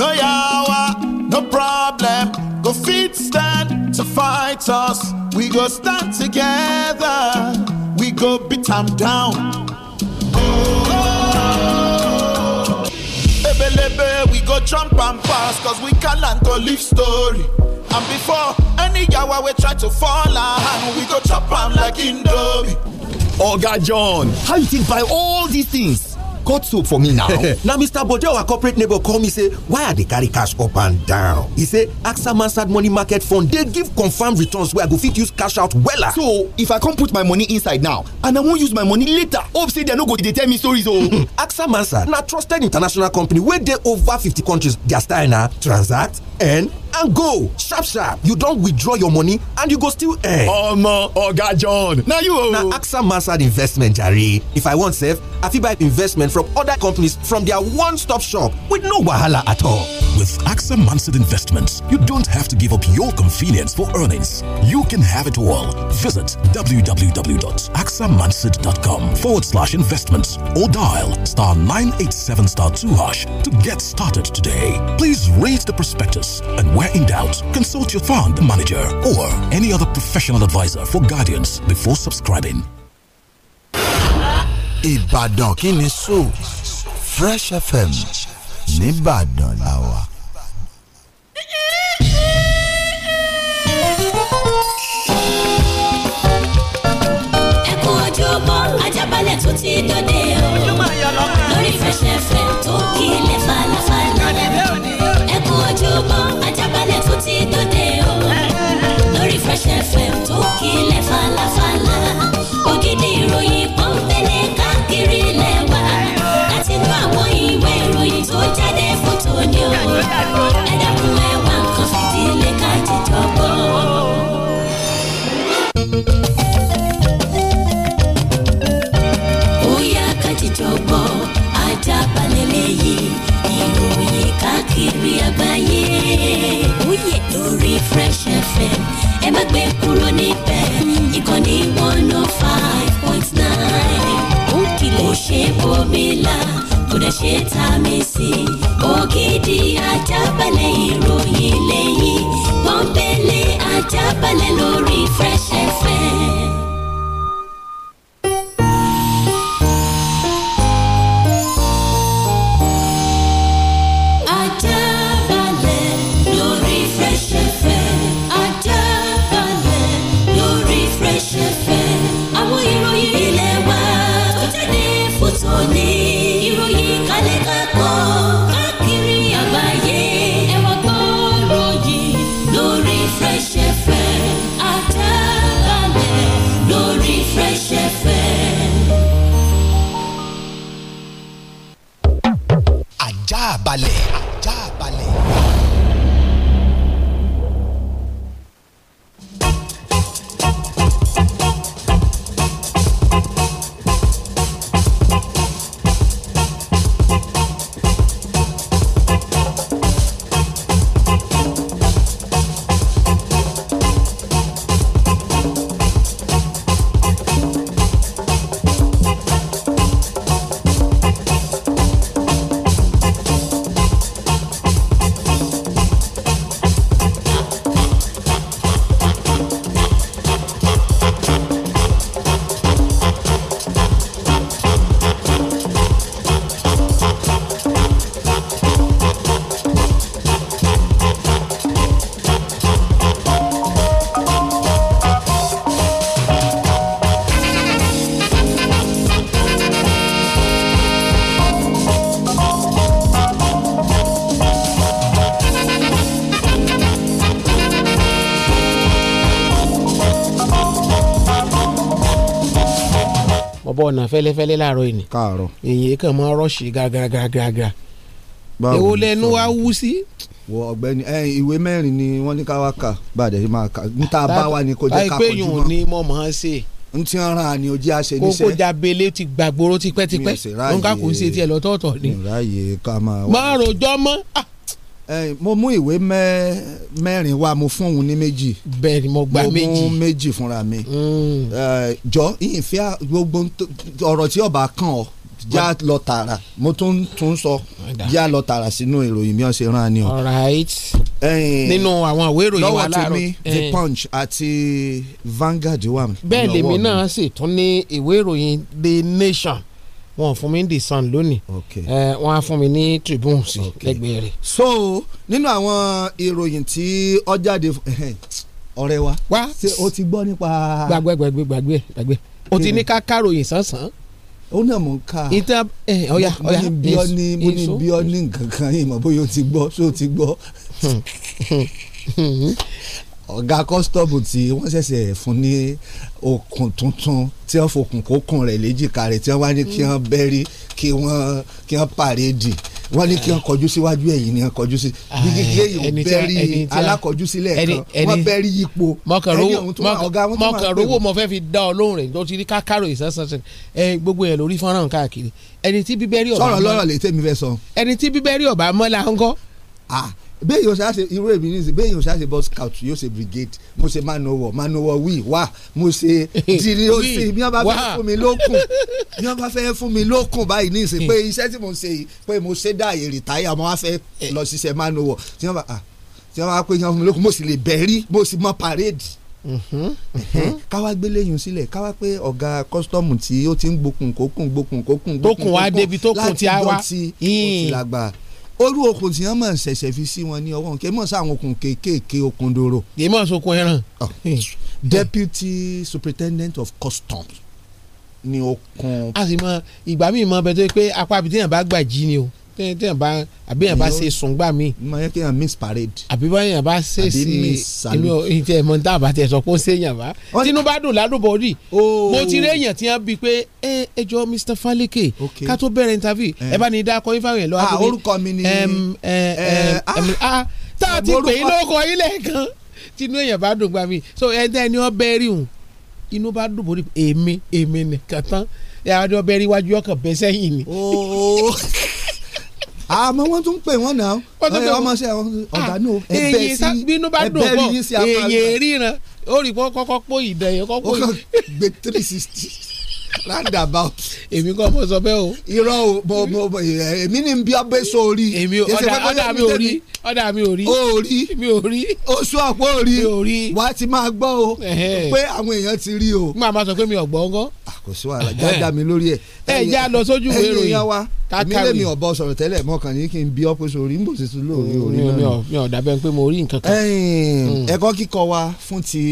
No yawa, no problem. Go feed stand to fight us. We go stand together. We go beat them down. Oh. oh. lebe, we go jump and pass, cause we can land go live story. And before any yawa we try to fall out, we go chop them like Indomie. Oh God, John, how you think all these things? cut soap for me now (laughs) Now, mr bode our corporate neighbor call me say why are they carry cash up and down He say axa mansard money market fund they give confirmed returns where i go fit use cash out wella so if i can't put my money inside now and i won't use my money later hope say dem no go dey tell me stories Oh, (laughs) axa mansard now trusted international company where they over 50 countries their style na transact earn and go sharp sharp you don withdraw your money and you go still earn. omo oga john na you o. na axa mansard investment jare if i wan save i fit buy investment from other companies from their one-stop shop with no wahala at all. with axa mansard investments you don't have to give up your convenience for earnings you can have it all visit www.axamansard.com forward slash investments or dial star 987 star 2 hash to get started today please read the prospectus and where in doubt, consult your fund manager or any other professional advisor for guidance before subscribing. Ibadan kini so Fresh FM nìbàdàn làwà. ẹkún ojúbọ ajábalẹ̀ tó ti dòde o lórí Fresh FM tó kílẹ̀ falafala ẹkún ojúbọ ajábalẹ̀. fm tó kílẹ̀ falafala ògidì ìròyìn pọ́npẹ́lẹ́ káàkiri lẹ́wà láti inú àwọn ìwé ìròyìn tó jáde fún tòní o ẹ dákun ọ̀nà fẹ́lẹ́fẹ́lẹ́ láàárọ̀ yìí ni káàárọ̀ èyí kàn mọ́ rọ́ọ̀ṣì gàgàgàgà èwo lẹnu wa wú sí. wọ ọ̀gbẹ́ni ẹ ìwé mẹ́rin ni wọ́n ní ká wá kà bàdẹ yìí máa kà níta bá wa ni kò jẹ ká kojú mọ. àìpé n ti ran àní ojú àṣẹ níṣẹ́. kókó jabele ti gbàgbóró tipẹ́tipẹ́ nǹkan kò ń ṣe tiẹ̀ lọ́tọ̀ọ̀tọ̀ ni. máa rojọ́ mọ́ mo mú ìwé mẹ́rin wá mo fún òun ní méjì. bẹ́ẹ̀ni mo gba méjì mo mú méjì fúnra mi. Mm. jọ ìyìnfẹ́ gbogbo ọ̀rọ̀ tí ọba kàn ọ́ já lọ tààrà mo tún tún sọ já lọ tààrà sínú ìròyìn bí wọ́n ṣe rán ni o. nínú àwọn ìwé ìròyìn wa láàárọ̀ lọ́wọ́ tèmi the eh. punch àti Vanguard wà. bẹ́ẹ̀ lèmi náà sì tún ní ìwé ìròyìn the nation wọn fún mi ní the sun lónìí wọn á fún mi ní tribune sí lẹ́gbẹ̀ẹ́ rẹ̀. so nínú àwọn ìròyìn tí ó jáde ọ̀rẹ́ wa wá ṣe o ti gbọ́ nípa. gbàgbé gbàgbé gbàgbé gbàgbé o ti ní ká káròyìn sánsan. ó náà mò ń ka ìta ọ̀ya ọ̀ya mo ní mo ní bí ọ ní nǹkan kan yìí mọ̀ bóyá o ti gbọ́ ṣé o ti gbọ́. Hmm. Hmm. Hmm ọ̀gá kọ́sítọ́ọ̀bù tí wọ́n ṣẹ̀ṣẹ̀ fún ní okùn tuntun tí wọ́n fokùn kókùn rẹ̀ léjìká rẹ̀ tí wọ́n wá ní kí wọ́n mm. bẹ́rí kí wọ́n kí wọ́n pàrẹ́dì wọ́n ní kí wọ́n kọjú síwájú ẹ̀yìn ni wọ́n kọjú sí bí kíkẹ́ yìí bẹ́rí alákọ̀ọ́jú sílẹ̀ kan wọ́n bẹ́rí ipò ẹni ọ̀hún tó wà ọ̀gá wọn tó máa ń pè wọ́n. mọ̀kànrówó mo fẹ́ fi dá ọ lóhùn rẹ̀ tó ti rí kákàrò ìsánsánsan gbogbo yẹn lórí fọ́nrán káàkiri ẹni tí bíbẹ́rí ọ̀bà mọ́lá sọ̀rọ̀ lọ́rọ̀ lè tẹ́mi fẹ́ sọ. ẹni tí bíbẹ́rí ọ̀bà mọ́lá ń kọ́ bẹ́ẹ̀ yóò ṣáà ṣe irú èmi nìyí bẹ́ẹ̀ yóò ṣáà ṣe boy scout yóò ṣe brigade mo ṣe manowar manowar wí wá mo ṣe jìnnì ó sì bí wọ́n bá fẹ́ fún mi lókun bí wọ́n bá fẹ́ fún mi lókun báyìí ní ìsìn pé iṣẹ́ tí mo ṣe yìí pé mo ṣe dáàyè rìtáyà mo wá fẹ́ lọ ṣiṣẹ́ manowar tí wọ́n bá tí wọ́n bá pé yan fún mi lókun mo sì lè bẹ̀rí mo sì mọ parade káwá gbélé yun sílẹ̀ káwá pé ọ̀gá kọ́sítọ́ọ̀mù tí ó ti ń gbókun kókun gbókun kókun gbókun kókun láti dọ̀tí ó ti orú okùn tí wọ́n mọ̀ ṣẹ̀ṣẹ̀ fi sí wọn ní ọwọ́ nǹkan mọ̀ sáwọn okùn kéékèèké okùn dòrò. èyí mọ̀ sókun ẹran. Ah, deputy superintendent of customs ni okùn. a sì mọ ìgbà míì mọ bẹ tó pé apá abidjan bá gbà jí ni o pé téèyàn bá àbí èèyàn bá ṣe sùngbà mi. mo yẹ kéèyàn miss parade. àbí báyàn bá ṣe sí inú ìtẹ ẹmọ ní tàbá tẹ sọ kó ń ṣèyàn bá. tinubu adùn ládùbọ̀ rí. mo ti oh. rí èèyàn tí wọ́n bi pé ẹ ẹ jọ Mr. Faleke ká tó bẹ̀rẹ̀ interview eh. ẹ bá ní dákọ ifá yẹn lọ. Ah, orúkọ mi ni eh, eh, ah. Ah, tá a ti pè é lóko ilé kan tinú èèyàn bá dùn gbà mí so ẹ dá ẹni ọ bẹ́ẹ̀ rí hùn inú bá dùn bórí èmi èmi nìkan tán ẹ àwọn ọbẹ̀ rí iwájú ọkàn bẹ́ sẹ́yìn ni. Oh. (laughs) àmọ́ wọ́n tún pè wọ́n náà ọmọọṣẹ́ ọ̀gá náà ẹ̀bẹ̀ sí ẹ̀bẹ̀ rí yín sí apá èyí ríran ó rí kó kọ́kọ́ pò ìdẹ̀yẹ kọ́ pò ìdẹ̀yẹ. gbé three sixty roundabout. èmi kò mọ̀ sọ bẹ́ẹ̀ o. irọ́ o mo mo èmi ni n bí ọbẹ̀ so orí. èmi o ọ̀dà mi ò rí ọ̀dà mi ò rí. o ò rí mi ò rí. oṣù ọ̀pọ̀ ò rí. mi ò rí. wà á ti máa gbọ́ o pé àwọn èèyàn ti rí o. n máa ma sọ pé mi ò gbọ́ ń gọ́. Ah, kò sí wàhálà jáde mi lórí ẹ̀. ẹ já lọ sójú ìwé ìròyìn. ẹ̀yin ìyá wa èmi lèmi ọ̀bọ sọ̀rọ̀ tẹ́lẹ̀ mọ́kàn ní kí n bí ọ́pẹ́ sórí ń bò sí tún lórí orí náà mi ò dábẹ́ pé mo rí nǹkan kan. Hmm. ẹ̀kọ́ kíkọ wa fún ti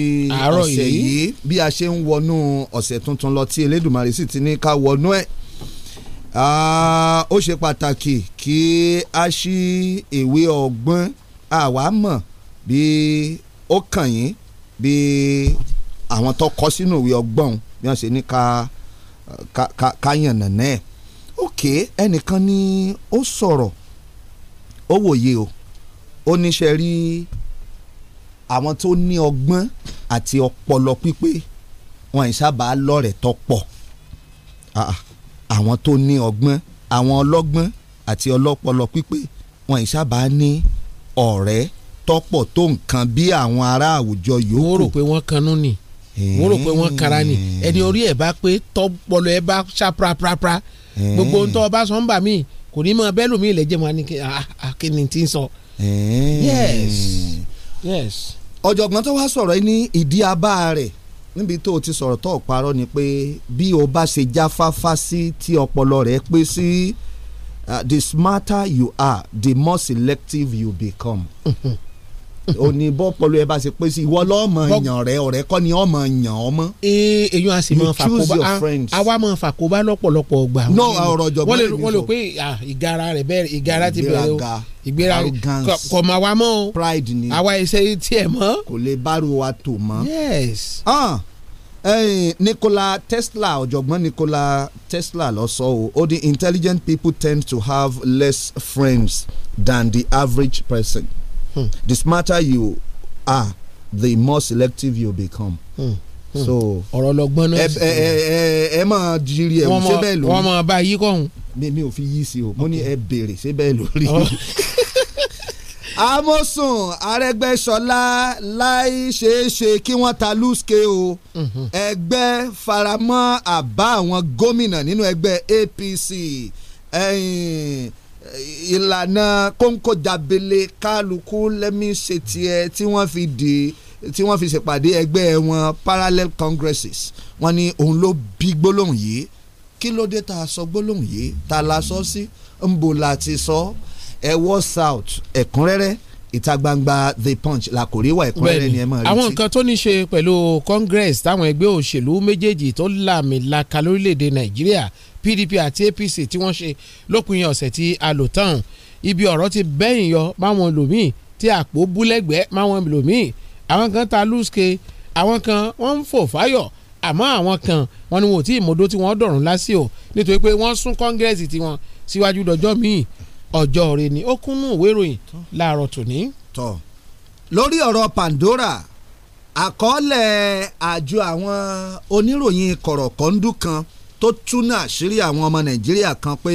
ọ̀sẹ̀ yìí bí a ṣe ń wọnú ọ̀sẹ̀ tuntun lọ tí Elédùmarè sì ti ní ká wọnú ẹ̀ ó ṣe pàtàkì kí a ṣí ìwé ọgbọ́n àwa mọ̀ bí ó kàn yín bí àwọn tó kọ sínú ìwé ọgbọ́n bí wọ́n ṣe ní ká ká ká ok ẹnìkan ni ó sọ̀rọ̀ ó wòye o ó níṣẹ́ rí àwọn tó ní ọgbọ́n àti ọpọlọ pípé wọn ì sábà lọ́rẹ̀ẹ́ tọ́pọ̀ ah, ah, àwọn tó ní ọgbọ́n àwọn ọlọ́gbọ́n àti ọlọ́pọlọ pípé wọn ì ní ọ̀rẹ́ tọ́pọ̀ tó nǹkan bí àwọn ará àwùjọ yòókù. wọ́n rò pé wọ́n kanú ni wọ́n rò pé wọ́n kara ni ẹni orí ẹ̀ bá pé tọ́pọlọ ẹ̀ bá ṣá prapra. Eh. gbogbo ohun ọba sọ ń bà mí kò ní mọ bẹ́ẹ̀ ilẹ̀ jẹ́ mọ́ ni kí ah, ah, ń sọ. Eh. yes yes. ọ̀jọ̀gbọ́n tó wá sọ̀rọ̀ ní ìdí abá rẹ̀ níbi tó o ti sọ̀rọ̀ tó parọ́ ni pé bí o bá ṣe jáfáfá sí tí ọpọlọ rẹ̀ pé sí. Ah, the smarter you are the more selective you become. Mm-hmm ó (laughs) ní bọ́pọ̀lù ẹ bá ṣe pé sí ìwọ lọ́mọ yàn rẹ ọ̀rẹ́ kọ́ ni ọmọ yàn ọmọ. èyàn a sì mọ fàkóbá àwa mọ fàkóbá lọ́pọ̀lọpọ̀ gbà. no ọ̀rọ̀ ọ̀jọ̀gbọ́n rẹ nìṣó wọ́n lè pé ìgara rẹ bẹ́ẹ̀ ìgara ti bẹ̀rẹ̀ o ìgbéra kò mà wá mọ́ o pride ni àwa iṣẹ́ tiẹ̀ mọ́. kò lè bárò wa tò mọ́. yes. Ah. Hey, eh, Nikola Tesla ọ̀jọ̀gbọ́n Nikola Tesla lọ sọ o ó ní intelligent people tend to have less friends than the average person. Hmm. The smarter you are, the more selective you become. Hmm. Hmm. so ọ̀rọ̀ lọ́gbọ́n náà sì ẹ ẹ ẹ máa jírí ẹ ṣé bẹ́ẹ̀ wọ́n máa bá yí kọ́hún. mi mi ò fi yí sí o mo ní ẹ béèrè ṣé bẹ́ẹ̀ lórí. Oh. (laughs) amosun arẹgbẹsọlá láì ṣeé kí wọ́n ta lùsùkè o mhm. ẹgbẹ́ faramọ́ àbá àwọn gómìnà nínú ẹgbẹ́ APC. Eh, ìlànà kóńkó jabele kálukú lẹ́mí ṣe tiẹ̀ tí wọ́n fi dì tí wọ́n fi ṣèpàdé ẹgbẹ́ wọn parallel congresses wọ́n ní òun ló bí gbólóhùn yìí kí ló dé tá sọ gbólóhùn yìí tá la sọ sí ńbo la ti sọ ẹ wọ́s out ẹ̀kúnrẹ́rẹ́ ìta gbangba the punch la kò rí wà ẹ̀kúnrẹ́rẹ́ ni ẹ máa retí. àwọn nǹkan tó ní ṣe pẹ̀lú congress táwọn ẹgbẹ́ òṣèlú méjèèjì tó làmìlaka lórílẹ̀‐èdè nàìjíríà PDP àti APC tí wọ́n ṣe lópin ọ̀sẹ̀ tí a lò tán ibi ọ̀rọ̀ ti bẹ́yìn yọ máwọn lòmíì tí àpò búlẹ́gbẹ̀ẹ́ máwọn lòmíì àwọn kan ta lùsùkè àwọn kan wọ́n ń fò fáyọ̀ àmọ́ àwọn kan wọn ni wọn ò tí ì mọ̀dó tí wọ́n dọ̀rùn lásì o nítorí pé wọ́n sún kọ́ngẹ́rẹ́sì tiwọn síwájú dọjọ́ míì ọjọ́ rẹ ni ó kúnnú ìwé ìròyìn láàárọ̀ tòní. tọ́ lórí ọ̀rọ̀ Pandora àkọọ́lẹ̀ àjọ àwọn oníròyìn kọ̀rọ̀kọ́ndú kan, kan tó túnú àṣírí àwọn ọmọ nàìjíríà kan pé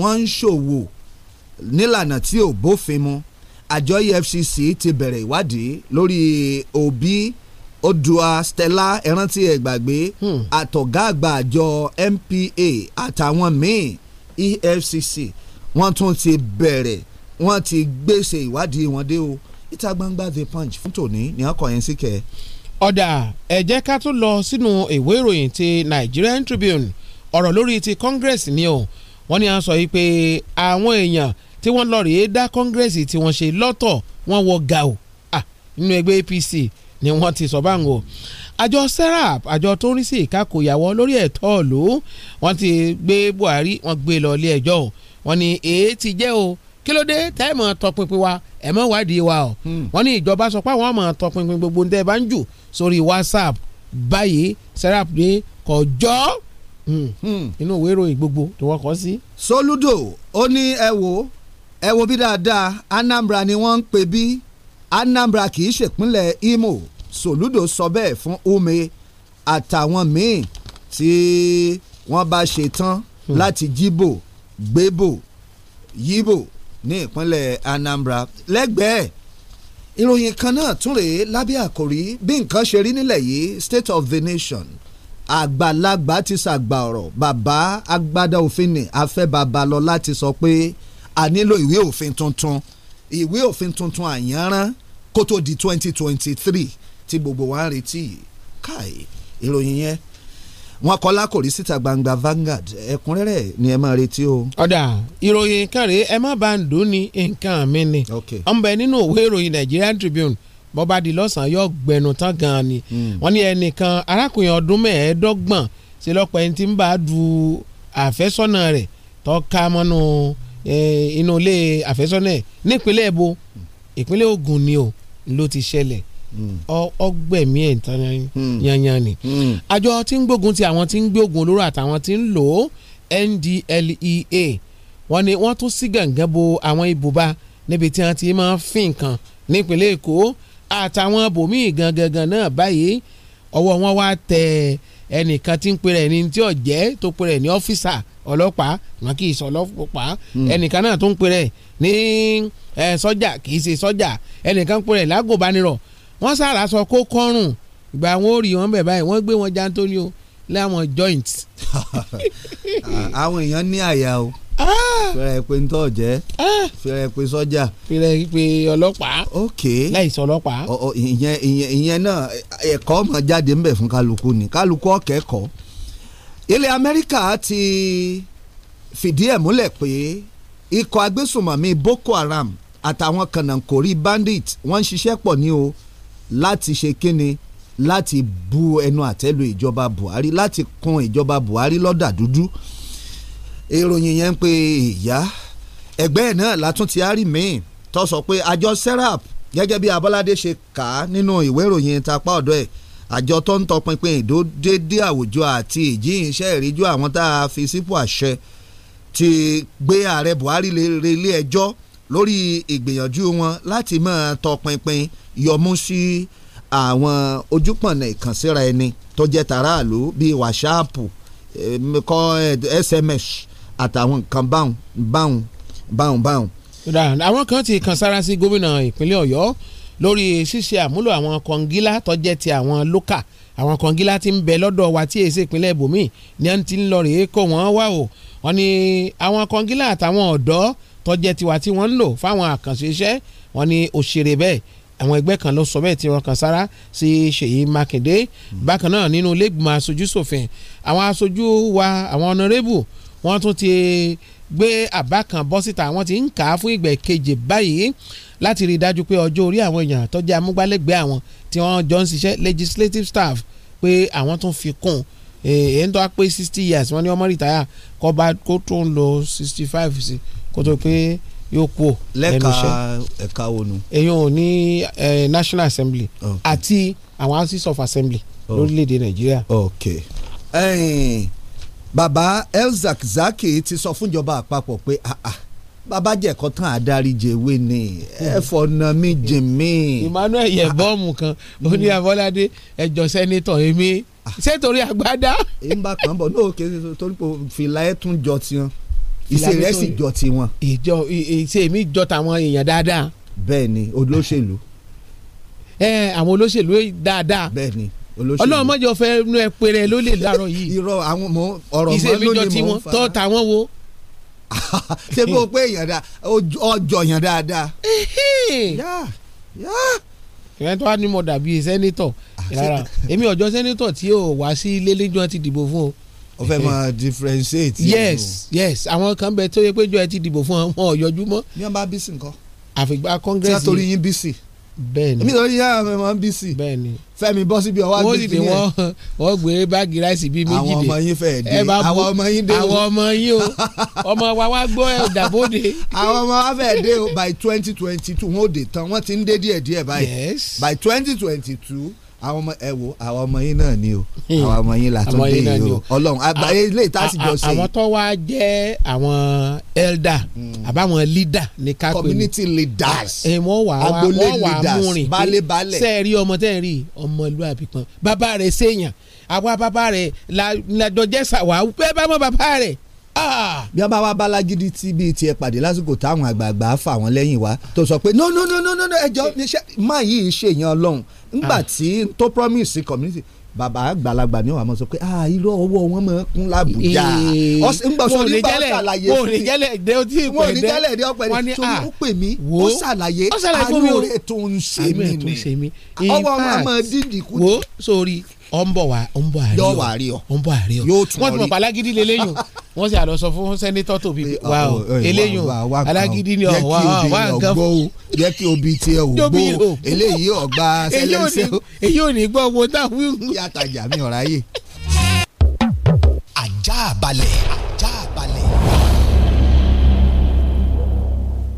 wọ́n ń ṣòwò nílànà tí ò bófin mu àjọ EFCC ti bẹ̀rẹ̀ ìwádìí lórí Obi Odua Stella ẹrántí ẹgbàgbé hmm. àtọ̀gá àgbà àjọ MPA àtàwọn míì EFCC wọ́n tún ti bẹ̀rẹ̀ wọ́n ti gbèsè ìwádìí wọn dé o ìta gbangba The Punch fún tòní ní ọkọ̀ yẹn sí kẹ́ẹ̀ ọ̀dà ẹ jẹ́ ká tún lọ sínú ìwé ìròyìn ti Nigerian Tribune ọ̀rọ̀ lórí ti Congress ni o wọ́n ní à ń sọ yìí pé àwọn èèyàn tí wọ́n lọ rèé dá Congress tí wọ́n ṣe lọ́tọ̀ wọ́n wọ gàù nínú ẹgbẹ́ APC ni wọ́n ti sọ báwọn o àjọ serap àjọ tó ń rí sí ìkákòyàwó lórí ẹ̀tọ́ ìlú wọ́n ti gbé Buhari wọ́n gbé lọ ilé ẹjọ́ o wọ́n èé ti jẹ́ o kí ló dé tẹ́ ẹ̀ mọ̀ tọpinpin wa ẹ̀ mọ̀ wádìí wa ọ̀ hmm. wọ́n ní ìjọba sọ pé àwọn ọmọ tọpinpin gbogbo ń tẹ́ bá ń jù sórí WhatsApp báyìí Serap ní kọjọ́ hmm. hmm. inú ìwé ìròyìn gbogbo tó wọ́n kọ́ sí. Soludo ó ní ẹ wo ẹ wo bí dáadáa Anambra ni wọ́n ń pè bí Anambra kì í ṣèpínlẹ̀ Imo Soludo sọ bẹ́ẹ̀ fún Ume àtàwọn míì tí wọ́n bá ṣetán láti jíbò gbébò yíbò ní ìpínlẹ̀ Anambra lẹ́gbẹ̀ẹ́ ìròyìn kan náà tún rèé lábẹ́ àkòrí bí nǹkan ṣe rí nílẹ̀ yìí state of the nation àgbàlagbà ti ṣàgbà ọ̀rọ̀ bàbá agbádá òfin ni afẹ́ Babalọ́lá ti sọ pé a nílò ìwé òfin tuntun ìwé òfin tuntun àyànrán kó tó di 2023 twenty three tí gbogbo wa ń retí káì ìròyìn yẹn wọ́n kọ́ lákòrí síta gbangba vangard ẹ̀kúnrẹ́rẹ́ ni ẹ máa retí o. ọ̀dà ìròyìn kan rèé ẹ má bá ń dùn ní nǹkan mi ni ọmọbẹ nínú òwe ìròyìn Nigerian Tribune bọ́ba di lọ́sàn-án yóò gbẹnu tán gan ni hmm. wọ́n ní ẹnìkan arákùnrin ọdún mẹ́ẹ̀ẹ́dọ́gbọ̀n ṣe lọ́pọ̀ ẹni tí ń bá du àfẹ́sọ́nà rẹ̀ tọ́ka mọ́nú inú ilé àfẹ́sọ́nà ẹ̀ nípínlẹ̀ èbó ìpínlẹ̀ Ògùn ni o ló ti ṣẹlẹ̀ ọgbẹ̀mí ẹ̀ yanyan hmm. ni hmm. àjọ tí ń gbógun ti àwọn tí ń gbé oògùn olóró àtàwọn tí ń lò ó NDLEA wọ́n ní wọ́n tún sí gàngán bo àwọn ibùba níbi tí wọ́n ti máa ń fín nǹkan nípínlẹ̀ Èkó àtàwọn bòmíì gangan náà báyìí ọwọ́ wọn wá tẹ ẹnìkan tí ń pè rẹ̀ ní tí ò jẹ́ tó pè rẹ̀ ní ọ́fíìsà ọlọ́pàá wọn kì í sọ ọlọ́pàá hmm. ẹnìkan náà tó ń pè rẹ̀ ní sọ́jà kì í ṣe sọ́jà ẹnìkan ń pè rẹ̀ lágòbánirọ̀ wọ́n sára sọ kó kọ́rùn ìgbà wọn ò rí wọn bẹ̀ báyìí wọ́n gbé wọn jantori o láwọn joint. (laughs) àwọn èèyàn ní àyà o ah! fẹ́rẹ̀ pé ń tọ́ jẹ́ ah! fẹ́rẹ̀ pé sọ́jà. fẹ́rẹ̀ pé ọlọ́pàá. ok láìsí ọlọ́pàá. ìyẹn ìyẹn ìyẹn náà ẹ̀kọ́ ọmọ jáde ńbẹ̀ fún kálukú ni kálukú ọ̀kẹ́kọ̀ọ́. ilẹ̀ amẹ́ríkà ti fìdí ẹ̀ múlẹ̀ pé ikọ̀ agbésùnmọ̀mí boko haram àtàwọn kànáńkórí bandit wọ́n ń ṣiṣẹ́ pọ̀ ní o láti ṣe kíni láti bu ẹnu àtẹ́lu ìjọba Buhari láti kun ìjọba Buhari lọ́dà dúdú ìròyìn yẹn ń pe ìyá ẹgbẹ́ ẹ̀ náà látún ti ari míì tó sọ pé àjọ serap gẹ́gẹ́ bí Abọ́ládé ṣe kà á nínú ìwé ìròyìn tapá ọ̀dọ́ ẹ̀ àjọ tó ń tọpinpin ìdódédé àwùjọ àti ìjíhìnṣẹ́ ìríjú àwọn tá a fi sípò àṣẹ ti gbé ààrẹ Buhari lé ilé ẹjọ́ e lórí ìgbìyànjú wọn láti máa tọpinpin yọmú sí àwọn ojúpọ̀nà ìkànsíra ẹni tó jẹ́ tàráàlú bíi WhatsApp kọ́ eh, SMS àtàwọn nǹkan báwọn báwọn báwọn báwọn. àwọn kan ti kàn sára sí gómìnà ìpínlẹ̀ Ọ̀yọ́ lórí ṣíṣe àmúlò àwọn kọngílá tó jẹ́ ti àwọn lókà àwọn kọngílá ti ń bẹ lọ́dọ̀ wa tí èsì ìpínlẹ̀ ibòmíì ni wọ́n ti ń lọ rèé kó wọ́n wá o wọ́n ní àwọn kọngílá àtàwọn ọ̀dọ́ tọ́jẹ́ tiwa tí wọ́n ń lò fáwọn àkànṣe iṣẹ́ wọn ni òṣèré bẹ́ẹ̀ àwọn ẹgbẹ́ kan ló sọ bẹ́ẹ̀ tí wọ́n kan sára sí Ṣèyí Mákindé bákan náà nínú ilégbìmọ̀ aṣojú ṣòfin àwọn aṣojú wa àwọn ọ̀nàrẹ́bù wọ́n tún ti gbé àbá kan bọ́ síta wọ́n ti ń kà á fún ìgbà kejì báyìí láti rí i dájú pé ọjọ́ orí àwọn èèyàn tó jẹ́ àwọn tí wọ́n jọ ń ṣiṣẹ́ legislative staff pé àwọn tún fi kún èyí ń tọ́ pé sixty years wọ́n ní ọmọ rìtáyà kó bá kó tún lọ sixty five sí i kó tó pé yóò kú ò lẹ́nu iṣẹ́ lẹ́ka ẹ̀ka onu. èyàn ò ní National Assembly àti àwọn houses of assembly lórílẹ̀‐èdè Nàìjíríà. okay. Hey, bàbá elzakzaki ti sọ fúnjọba àpapọ̀ pé ah ah bàbá jẹ̀kọ́ tán àdáríjẹwé ni ẹ hmm. fọ̀nà mi jìn mí. Emmanuel yẹ ah. bọ́ọ̀mù kan hmm. ó ní Abọ́ládé ẹjọ́ sẹ́nitọ̀ èmi ah. ṣé torí àgbádá. ìmúbà kan bọ̀ náà kí n torí pé fìlà ẹ̀ tún jọ tiwọn ìṣe rẹ sì jọ tiwọn. ìjọ ìṣe mi jọ tàwọn èèyàn dáadáa. bẹ́ẹ̀ ni olóṣèlú. ẹ àwọn olóṣèlú dáadáa. bẹ́ẹ̀ ni olóṣèlú. ọlọ́run mọ́jọ fẹ́ nu ẹ péré ló lè láàárọ̀ yìí. irọ́ àwọn mọ ọ̀rọ̀ mọ́ ló ní mọ́ fa. tọ́ tàwọn wo. (laughs) ṣé bó o pé èèyàn dáa ọjọ́ èèyàn dáadáa. yá yá ìyẹn tó wá ní mo dàbí sẹ́nitọ̀ ah, rárá èmi ọ̀jọ́ sẹ́nitọ̀ tí ò wá sí ilé lẹ́jọ́ ti dìbò fún o o fẹ́ (laughs) máa differentiate. yes yes àwọn kan bẹ tó yẹ pé jọ ẹ ti dìbò fún wọn ọ̀yọ́jú mọ́. ní wọn bá bísí nǹkan. àfìgbà congress yìí tí a torí yín bísí bẹ́ẹ̀ni èmi lórí yàrá mi máa ń bísí bẹ́ẹ̀ni fẹmi bọ síbi ọwọ àgbègbè yẹn wọn sì ni wọn gbé báàgì ráìsì bíi méjì dé àwọn ọmọ yín fẹẹ dé àwọn ọmọ yín dé o àwọn ọmọ yín o ọmọ wa wá gbọ́ ìdàbòde. àwọn ọmọ wa fẹẹ dé o by twenty twenty two wọn ò dé tán wọn ti ń dé díẹ̀ báyìí by twenty twenty two àwọn ọmọ ẹ wo àwọn ọmọ yín náà ni o àwọn ọmọ yín la tún dé yìí o ọlọ́run àgbáyé ilé ìta sì jọ ṣe. àwọn tó wá jẹ́ àwọn elder hmm. àbáwọn leader ní ká pè ní. community leaders wọ́n wà á wọ́n wà á múrin pé sẹ́ẹ̀rí ọmọ tẹ́ ẹ̀ rí ọmọlúwàbí kan bàbá rẹ̀ sèèyàn àwa bàbá rẹ̀ làjọjẹ́ sàwà bẹ́ẹ̀ bá mọ́ bàbá rẹ̀ ah! bí a bá wá balagidi tí bíi tiẹ̀ pàdé lásìkò táwọn àgbààgbà fà wọ́n lẹ́yìn wá tó sọ pé no no no no no ẹjọ́ níṣẹ́ má yìí ṣèyàn ọlọ́run ńgbà ah. tí tó promise community bàbá àgbàlagbà ni wàá mọ sọ pé ah irọ́ ọwọ́ wọn mọ kún làbújá ńgbà sọ nígbà ó ṣàlàyé fún mi wọn ò ní jẹ́lẹ̀ ní ọ̀pẹ̀ ní tó pè mí ó ṣàlàyé àánú tó ń ṣe mí ni ọwọ́ wọn mọ dídì kú. sori ọ ń bọ̀ wá ọ ń bọ̀ àrí ọ yóò wà àrí ọ ọ ń bọ̀ àrí ọ yóò tún ọ rí wọ́n ti mọ̀ pa alágídí lélẹ́yìn (laughs) wọ́n sì àlọ́ sọ fún sẹ́nitọ́ tòbí wa o eléyìí o alágídí ni ọ̀wá wa nǹkan fún. jẹ́ kí obi tiẹ̀ ò gbó eléyìí ọ̀gbà (laughs) sẹ́lẹ̀sẹ̀ o. (laughs) èyí ò ní gbọ́ owó táwọn yóò. yàtàjà mi ọ̀rá yè. ajá balẹ̀.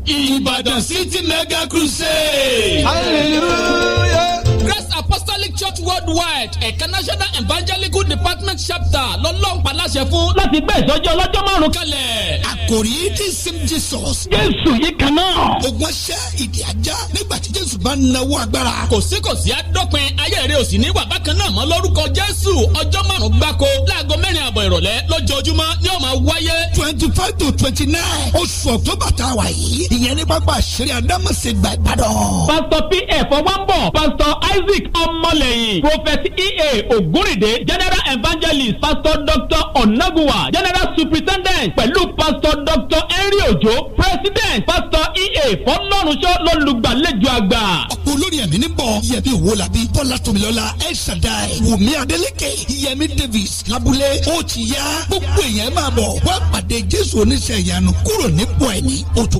Ìbàdàn City Mega Crusade. hallelujah. Grace Apostolic Church Worldwide ẹ̀ka National Evangelical Department chapter lọ́lọ́run paláṣẹ fún láti gbé ìtọ́jú ọlọ́jọ́ márùn-ún kalẹ̀. Àkòrí ti sim Jesus. Jésù yìí kan náà. Ogun ṣẹ́ ìdí ajá nígbà tí Jésù bá nawó agbára. Kò sí kò sí àdọ́pin ayé rẹ̀ ò sì ní wà bákan náà mọ́ lórúkọ Jésù ọjọ́ márùn-ún gbáko láago mẹ́rin àbọ̀ ìrọ̀lẹ́ lójoojúmọ́ ni ó máa wáyé. twenty five to twenty nine oṣù October tá a wà yìí ìyẹn ní pápá àṣírí Adámọ̀sẹ̀ gbà Ìbàdàn. Pásítọ̀ PF ọwọ́ ń bọ̀ Pásítọ̀ I isaac ọmọlẹ́yìn prophet ea ògúnrìndé general evangelist pastor doctor onaguwa general superintendent pẹ̀lú pastor doctor henry ojo president pastor ea fọlọ́runṣọ́ lọ́lùgbàlejò àgbà. ọ̀pọ̀ olórí ẹ̀mí ní bọ̀ yẹmi wo la bí bọ́lá tòmílọ́lá el shaddai wùmí adélèké yẹmi davis labulẹ̀ ó ti yá gbogbo èèyàn máa bọ̀ wá pàdé jésù oníṣẹ́ ìyanu kúrò nípò ẹ̀ ní o tó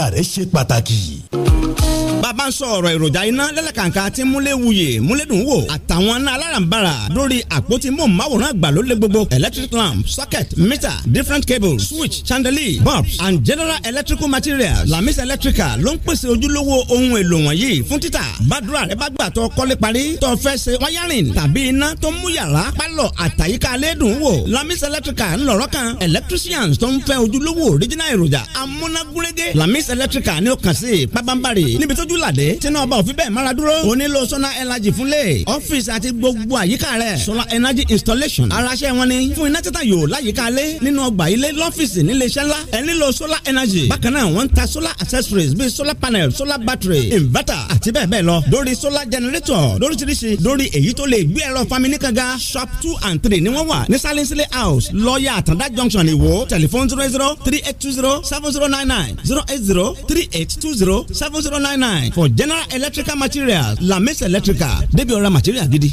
ìlera rẹ ṣe pàtàkì bá ń sọ ọ̀rọ̀ èròjà iná lẹ́lẹ́kàǹkà tí múléwuyè múlédùn wò àtàwọn iná alárànbarà lórí àpótí móhùnmáwòrán àgbàlódé gbogbo electric lamp socket meter different cables switch chandelier bulbs and general electrical materials lamis electrical ló ń pèsè ojúlówó ohun èlò wọ̀nyí fún títà bàdúrà rẹ bá gbà tó kọ́lé parí tó fẹ́ ṣe wáyárìn tàbí iná tó mú yàrá pálọ̀ àtàyíká lẹ́dùn wò lamis electrical ńlọrọ kan electricians tó ń fẹ́ ojúlówó original èròjà amúnagúrégé lamis electrical ní o kàn sí pábánbárì níbi tójú làdé tí òfin bẹ́ẹ̀ mára dúró o nílò solar energy fúnlé ọ́fíìsì àti gbogbo àyíká rẹ̀ solar energy installation aráṣẹ́ wọn ni fún iná títà yòó láyìíká lé nínú ọgbà ilé lọ́fíìsì nílé ńlá ẹ nílò solar energy bákan náà wọ́n ń ta solar accessories bíi solar panel solar battery inverter àti bẹ́ẹ̀ bẹ́ẹ̀ lọ dórí solar generator lóríṣiríṣi dórí èyí tó lè gbé ẹ̀rọ famini kankan shop two and three ni wọ́n wà ní salinsile house lọ́ọ̀yà àtàndá junction ìwò Telephone zero zero three eight two zero seven zero nine nine zero eight zero zero three eight two zero seven zero nine nine for general electrical materials lamis electrical Debi ora material gidi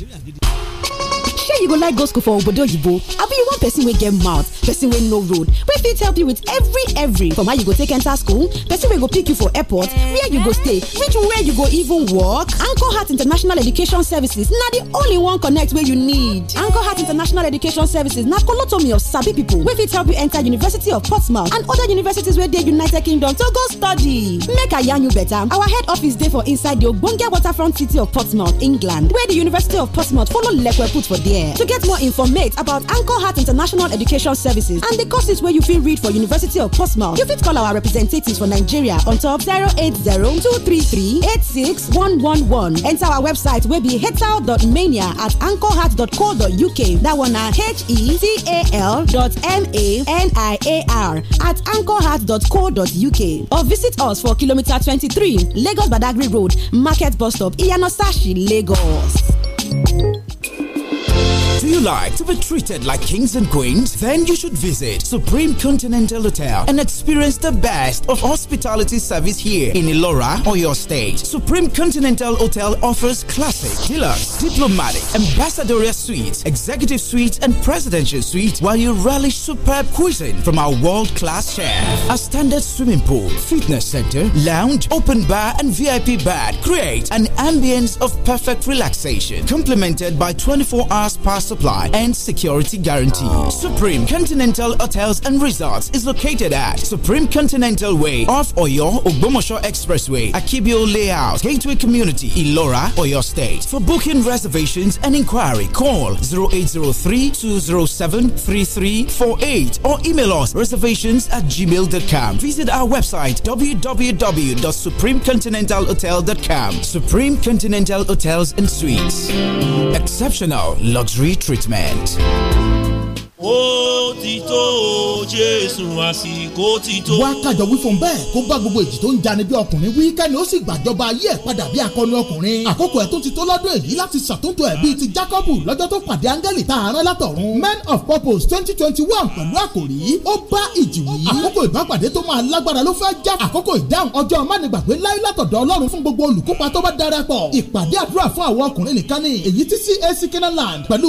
shey you go like go school for obodo yibo. abi you want person wey get mouth person wey no road wey fit help you with every every from how you go take enter school person wey go pick you for airport where you go stay Which where you go even work anchor heart international education services na the only one connect wey you need anchor heart international education services na colotomy of sabi people wey fit help you enter university of portsmouth and other universities wey dey united kingdom to go study make i yarn you better our head office dey for inside the ogbonge waterfront city of portsmouth england where the university of portsmouth follow lekwe put for there year. To get more information about Anchor Heart International Education Services and the courses where you fit read for University of Portsmouth, you fit call our representatives for Nigeria on top 080-233-86111. Enter our website wey be hetal.mania at anchorheart.co.uk. That one na H-E-T-A-L dot M-A-N-I-A-R at anchorheart.co.uk or visit us for kilometer 23 Lagos Badagry Road, Market Bus Stop, Iyana Sashi, Lagos. Do you like to be treated like kings and queens? Then you should visit Supreme Continental Hotel and experience the best of hospitality service here in Elora or your state. Supreme Continental Hotel offers classic, deluxe, diplomatic, ambassadorial suites, executive suites, and presidential suites while you relish superb cuisine from our world class chef. A standard swimming pool, fitness center, lounge, open bar, and VIP bar create an ambience of perfect relaxation, complemented by 24 hours past supply and security guarantee. Supreme Continental Hotels and Resorts is located at Supreme Continental Way off Oyo Ogbomosho Expressway, Akibio Layout, Gateway Community, Ilora, Oyo State. For booking reservations and inquiry, call 0803 207 3348 or email us reservations at gmail.com. Visit our website www.supremecontinentalhotel.com. Supreme Continental Hotels and Suites. Exceptional luxury treatment. ó ti tó jésù àsìkò ti tó. wá kájọ wí fún bẹ́ẹ̀ kó bá gbogbo èjì tó ń jani bí ọkùnrin wí kẹ́ni ó sì gbàjọba ayé ẹ̀ padà bí akọni ọkùnrin. àkókò ẹ̀ tó ti tó lọ́dún èyí láti ṣàtúntò ẹ̀ bíi ti jákọ́bù lọ́jọ́ tó pàdé áńgẹ́lì tá látọ̀run. men of purpose twenty twenty one pẹ̀lú àkòrí ó bá ìjì wí. àkókò ìbápàdé tó máa lágbára ló fẹ́ já. àkókò ìdáhùn ọjọ́ mánigbàgbé láyé látọ̀dọ̀ ọlọ́run fún gbogbo olùkópa tó bá darapọ̀. ìpàdé àdúrà fún àwọn ọkùnrin nìkan ni èyí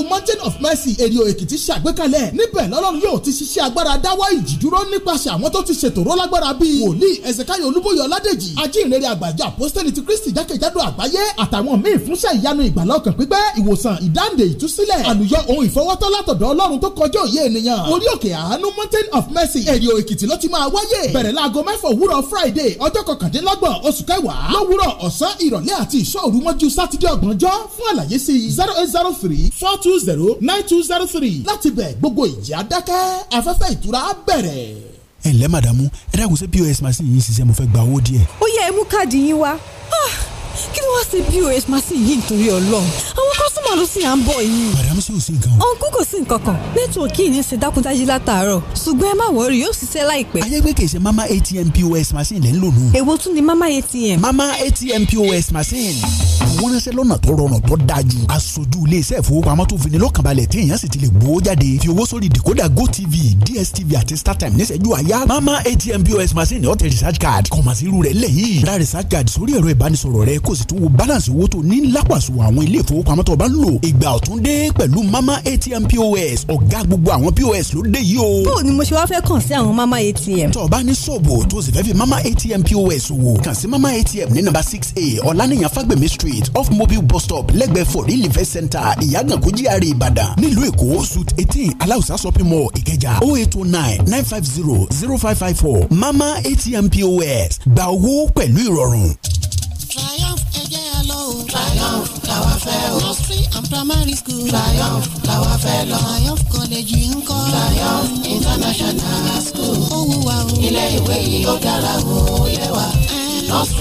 mountain of mercy èrìò èkìtì ṣàgbékalẹ̀ sílẹ̀ níbẹ̀ lọ́lọ́run yóò ti ṣiṣẹ́ agbára dáwọ́ ìjì dúró nípasẹ̀ àwọn tó ti ṣètòró lágbára bíi wòlíì ẹ̀sẹ̀káyọ̀ olúbóyọ̀ ládèjì ajínrere àgbàjọ àpọ́sítẹ́lì ti kristi jákèjádò àgbáyé àtàwọn míì fúnṣẹ́ ìyanu ìgbàlá ọkàn pípẹ́ ìwòsàn ìdáǹdè ìtúsílẹ̀ àlùyọ ohun ìfọwọ́tọ́ látọ̀dọ̀ ọlọ́run tó kọjá òye ènìyàn orí òkè àánú mountain of mercy èrìò èkìtì ló ti máa wáyé bẹ̀rẹ̀ láago mẹ́fọ̀ òwúrọ̀ friday ọjọ́ kọkàndínlọ́gbọ̀n oṣù kẹwàá lówùrọ̀ ọ̀sán ìrọ̀lẹ́ àti ìṣọ́òru mọ́jú sátidé ọgbọ̀njọ́ fún àlàyé sí zero zero three four two zero nine two zero three láti gbogbo ìjì á dákẹ́ afẹ́fẹ́ ìtura á bẹ̀rẹ̀. ẹ ǹlẹ́ màdàmú ẹ dákun sí pos machine yìí ṣiṣẹ́ mo fẹ́ gba owó díẹ̀. ó yẹ ẹ mú káàdì yín wá ah, kí wọ́n ṣe pos machine yìí nítorí ọlọ́run àwọn kọ́sùmọ̀ ló sì à ń bọ̀ yìí. màdàmú sì ò sí nǹkan. ọ̀nkú kò sí nǹkan kan nẹ́tíwọ̀kì yìí ń ṣe dákúndájí látàárọ̀ ṣùgbọ́n ẹ má wọrí yóò ṣiṣẹ́ láìpẹ́. ayégbé kì í ṣe mama atm pos machine lẹ́ ń lò nù. èwo tún ni mama atm. mama atm pos machine wọ́n ránṣẹ́ lọ́nà tó rọrùn tó dájú. aṣojú iléeṣẹ́ ìfowópamọ́ tó fini lọ́kànbalẹ̀ tí èèyàn sì ti lè gbowó jáde fi owó sórí decoder gotv dstv àti startime níṣẹ́jú àyà mama atm pos machine ọ̀tẹ̀ recharge card kọ̀mọ̀sí irú rẹ̀ lẹ́yìn ra recharge card sórí ẹ̀rọ ìbánisọ̀rọ̀ rẹ kó sì tún wo balance owó tó ní lápàṣù àwọn ilé ìfowópamọ́ tó bá ń lò ìgbà ọ̀tún a ọ̀lànìyàn fagbemi street right off mobile bus stop lẹ́gbẹ̀ẹ́ for real event center ìyàgànkó GRA ìbàdàn nílùú èkó suit eighteen aláùsá shopping mall ìkẹjà oh eight oh nine nine five zero zero five five four mama atm pos gba owó pẹ̀lú ìrọ̀rùn. triumph ẹgẹ́ ẹ lọ́wọ́. triumph làwa fẹ́ o. nursery and primary school. triumph làwa fẹ́ lọ. triumph college yìí ń kọ́. triumph international school. ó wù o. ilé ìwé yìí ó dára o ó wa triumph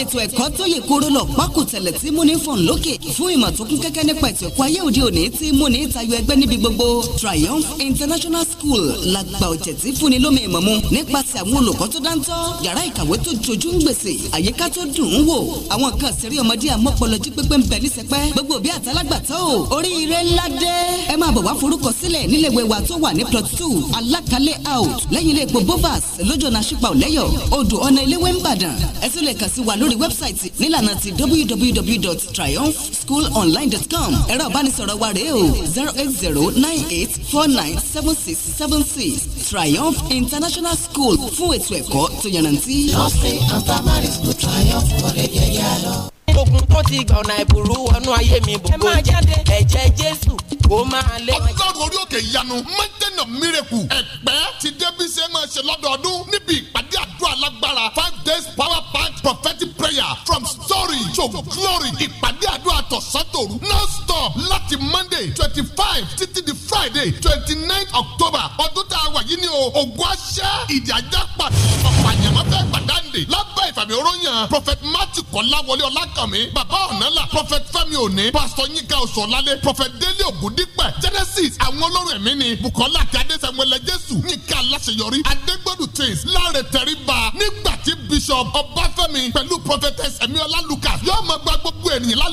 ètò ẹ̀kọ́ tó yè koro lọ pákó tí múni fọ̀n lókè fún ìmọ̀ tó kún kẹ́kẹ́ nípa ètò ẹ̀kọ́ ayé òde òní tí múni tayọ ẹgbẹ́ níbi gbogbo triumph international school la gba ọ̀jẹ̀ tí fúnni lómi ìmọ̀ mu nípasẹ̀ àwọn olùkọ́ tó dáńtọ́ yàrá ìkàwé tó jojú ń gbèsè àyíká tó dùn ún wò àwọn kan ṣeré ọmọdé àmọ́pọ̀lọ́jú pépé ń bẹ nísẹpẹ́ gbogbo bí àtàlágbàtọ́ ọba ọ̀lẹ́yọ̀ odò ọ̀nà iléwé ńbàdàn ẹ tún lè kàn sí wa lórí wẹ́bsáìtì nílànà ti www.triumphschoolonline.com ẹ̀rọ ìbánisọ̀rọ̀ wa rèé o zero eight zero nine eight four nine seven six seven six Triumph International School fún ètò ẹ̀kọ́ tó yanrantí. lọ́sìn and primary school Triumph kọ̀ọ̀lẹ́yẹ yá lọ ogun tó ti gbà ọ̀nà ìbùrú wọnú ayé mi gbogbo ẹ̀jẹ̀ Jésù kó máa lé. ọlọ́run orí òkè ìyanu mountain of miracle ẹ̀pẹ́ ti débi ṣe máa ṣe lọ́dọọdún níbi ìpàdé àdúrà lágbára five days power pack prophetic prayer from story to glory ìpàdé àdúrà láàárọ̀ sátòru non-stop láti monday twenty five títí di friday twenty nine october ọdún tá a wà yìí ni o ògùn aṣẹ́ ìdíjà pàtó ọ̀pọ̀ àyàmọ́fẹ́ gbàdáǹdè lábẹ́ ìfàmì oróyàn prophet matthew kọ́láwọlé ọlákànmí bàbá ọ̀nàlà prophet fẹ́mi òní pastor yinka ọ̀sọ̀lálẹ̀ prophet délé ògúndípẹ̀ genesis àwọn ọlọ́run ẹ̀mí ni bukola àti adéṣẹ́wẹ̀lẹ̀ jésù yinka aláṣeyọrí adégbòdù twins láre Ba. nígbà tí bishop ọbáfẹ́mi pẹ̀lú prophetess ẹ̀mí ọlá lucas yóò máa gba gbogbo ènìyàn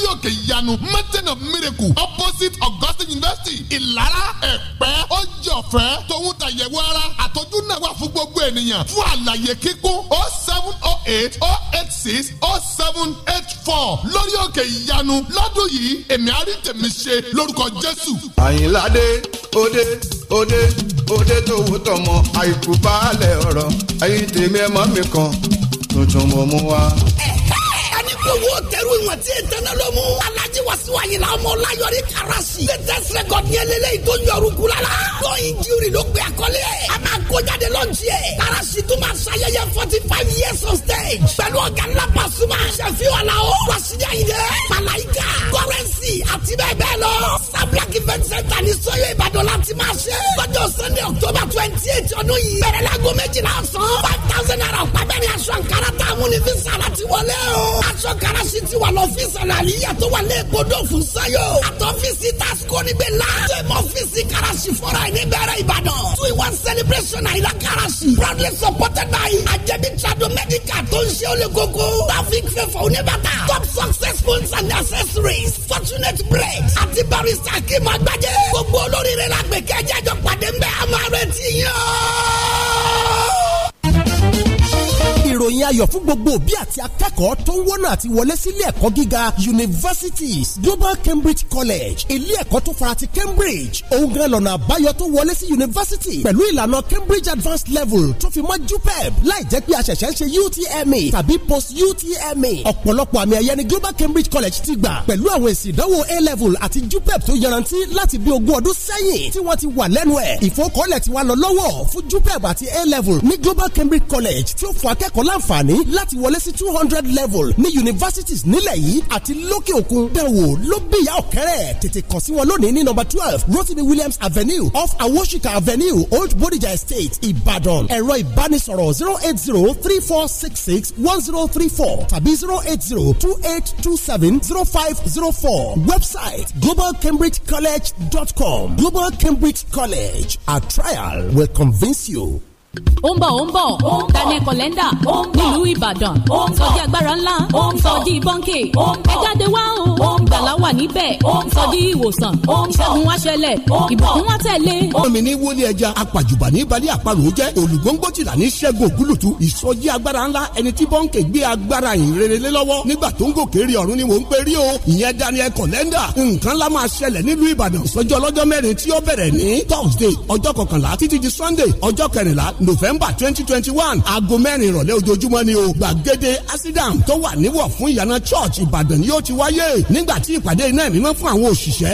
lórí òkè ìyanu mountain of miracle opposite Augustin University Ìlara Ẹ̀pẹ́ ó jẹ́ ọ̀fẹ́ tòun tàyẹ̀wò ara àtọ́jú náà wà fún gbogbo ènìyàn fún àlàyé kíkún oh seven oh eight oh eight six oh seven eight four lórí òkè ìyanu lọ́dún yìí èmi àrí tèmi ṣe lórúkọ Jésù. Àyìnládé òde òde òde tó wò tọmọ àìkú baálẹ̀ ọ̀rọ̀ ẹ̀yìn tèmi ẹ̀ mọ́ mi kan tuntun mo mú wa olówó tẹ̀rù ìwọ̀n tí ètò náà ló mú. alájí wàsíù àyìnlá ọmọ ọláyọrí karasi. latest record yẹn lélẹ́yìí tó yọrù kula la. lọ́yìn jírí ló pe àkọlé ẹ̀. a máa kó jáde lọ́jì ẹ̀. karasi tún máa ṣayẹyẹ forty five years on stage. pẹ̀lú ọ̀gá ńlá Pasuma. sẹ́fíù aláwọ̀ rasidi àyìndé. malayika kọrẹ́nsì àti bẹ́ẹ̀ bẹ́ẹ̀ lọ. sablak event center ní sọ́yọ́ ìbàdàn láti máa ṣe. lọ́jọ́ sunday october twenty eight ọdún yìí. bẹ̀rẹ̀ láago méjìlá ọ̀sán. five thousand naira ọ̀pá bẹ́ẹ̀ ni aṣọ àǹkárá táwọn onífísà láti wọlé o. aṣọ kárásì ti wà lọ́fíìsì àlàyé tó wà lẹ́ẹ̀kọ́dọ̀ fún sayo. àtọ́fíìsì tasco níbẹ̀ la. sẹ́mu ọ́fíìsì kárásì fọ́ra ẹ̀ níbẹ̀rẹ̀ Ìbàdàn. two in one celebration àyílá kárásì. proudly supported by ajẹbi trado medical tó ń ṣe olè koko. traffic fẹ́fọ̀ oníbàtà. top success phones and accessories. fortunate bread. àti barista kí máa gbajẹ. gbogbo olóríire la gbẹ̀kẹ́ jẹ́jọ́ pàdé ń bẹ́ àmọ́ àrẹ ti yàn ìròyìn ayọ̀ fún gbogbo òbí àti akẹ́kọ̀ọ́ tó ń wọ́nà àti wọlé sílé ẹ̀kọ́ gíga universities global cambridge college ilé ẹ̀kọ́ tó fara ti cambridge òun gan lọ́nà àbáyọ tó wọlé sí university pẹ̀lú ìlànà cambridge advanced level tó fi mọ́ jupeb láì jẹ́ pé a ṣẹ̀ṣẹ̀ ń ṣe utme tàbí post utme ọ̀pọ̀lọpọ̀ àmì ẹ̀yẹ ni global cambridge college ti gbà pẹ̀lú àwọn èsì ìdánwò a level àti jupeb tó yanrantí láti bí ogún ọdún sẹ́yìn tí wọ́n ti wà lẹ́nu ẹ̀ ìfowókọ́lẹ̀ ti wá lọ lọ́wọ́ fún jupeb àti a level ní global cambridge college tí ó fún akẹ́kọ̀ọ́ láǹf láǹfààní láti wọlé sí two hundred level ní universities nílẹ̀ yìí àti lókè òkun dẹ̀wò ló bìyà ọ̀kẹ́rẹ́ tètè kàn sí wọn lónìí ní number twelve Rotimi Williams Avenue off Awoshika Avenue Old Bodija Estate Ìbàdàn ẹ̀rọ ìbánisọ̀rọ̀ zero eight zero three four six six one zero three four tàbí zero eight zero two eight two seven zero five zero four website globalcambridgecollege.com Global Cambridge College a trial will convince you ó ń bọ̀ ó ń bọ̀ daniel kọlẹ́ndà nílùú ìbàdàn sọjí agbára ńlá sọjí bọ́ńkè ẹ jáde wá o gbàlá wà níbẹ̀ sọjí ìwòsàn ìṣẹ́gun wá ṣẹlẹ̀ ìbùkún wá tẹ̀lé. omi ní wọlé ẹja apàjùbà ní balẹ̀ àparò jẹ́ olùgbòǹgbò tìlà ní ṣẹ́gun ògúlùtù ìsọjí agbára ńlá ẹni tí bọ́ńkè gbé ni daniel kọlẹ́ndà nǹkan la máa ṣẹlẹ̀ nílùú ìbàdàn sọjí ọlọ́jọ́ thursday ọjọ́ kọkànlá títí di sunday ọjọ́ kẹrìnlá november twenty twenty one aago mẹ́rin ìrọ̀lẹ́ ojoojúmọ́ ni o gbàgede asidam tó wà níwọ̀ fún ìyànà church ìbàdàn ni yóò ti wáyé nígbà tí ìpàdé iná ẹ̀mí mọ́ fún àwọn òṣìṣẹ́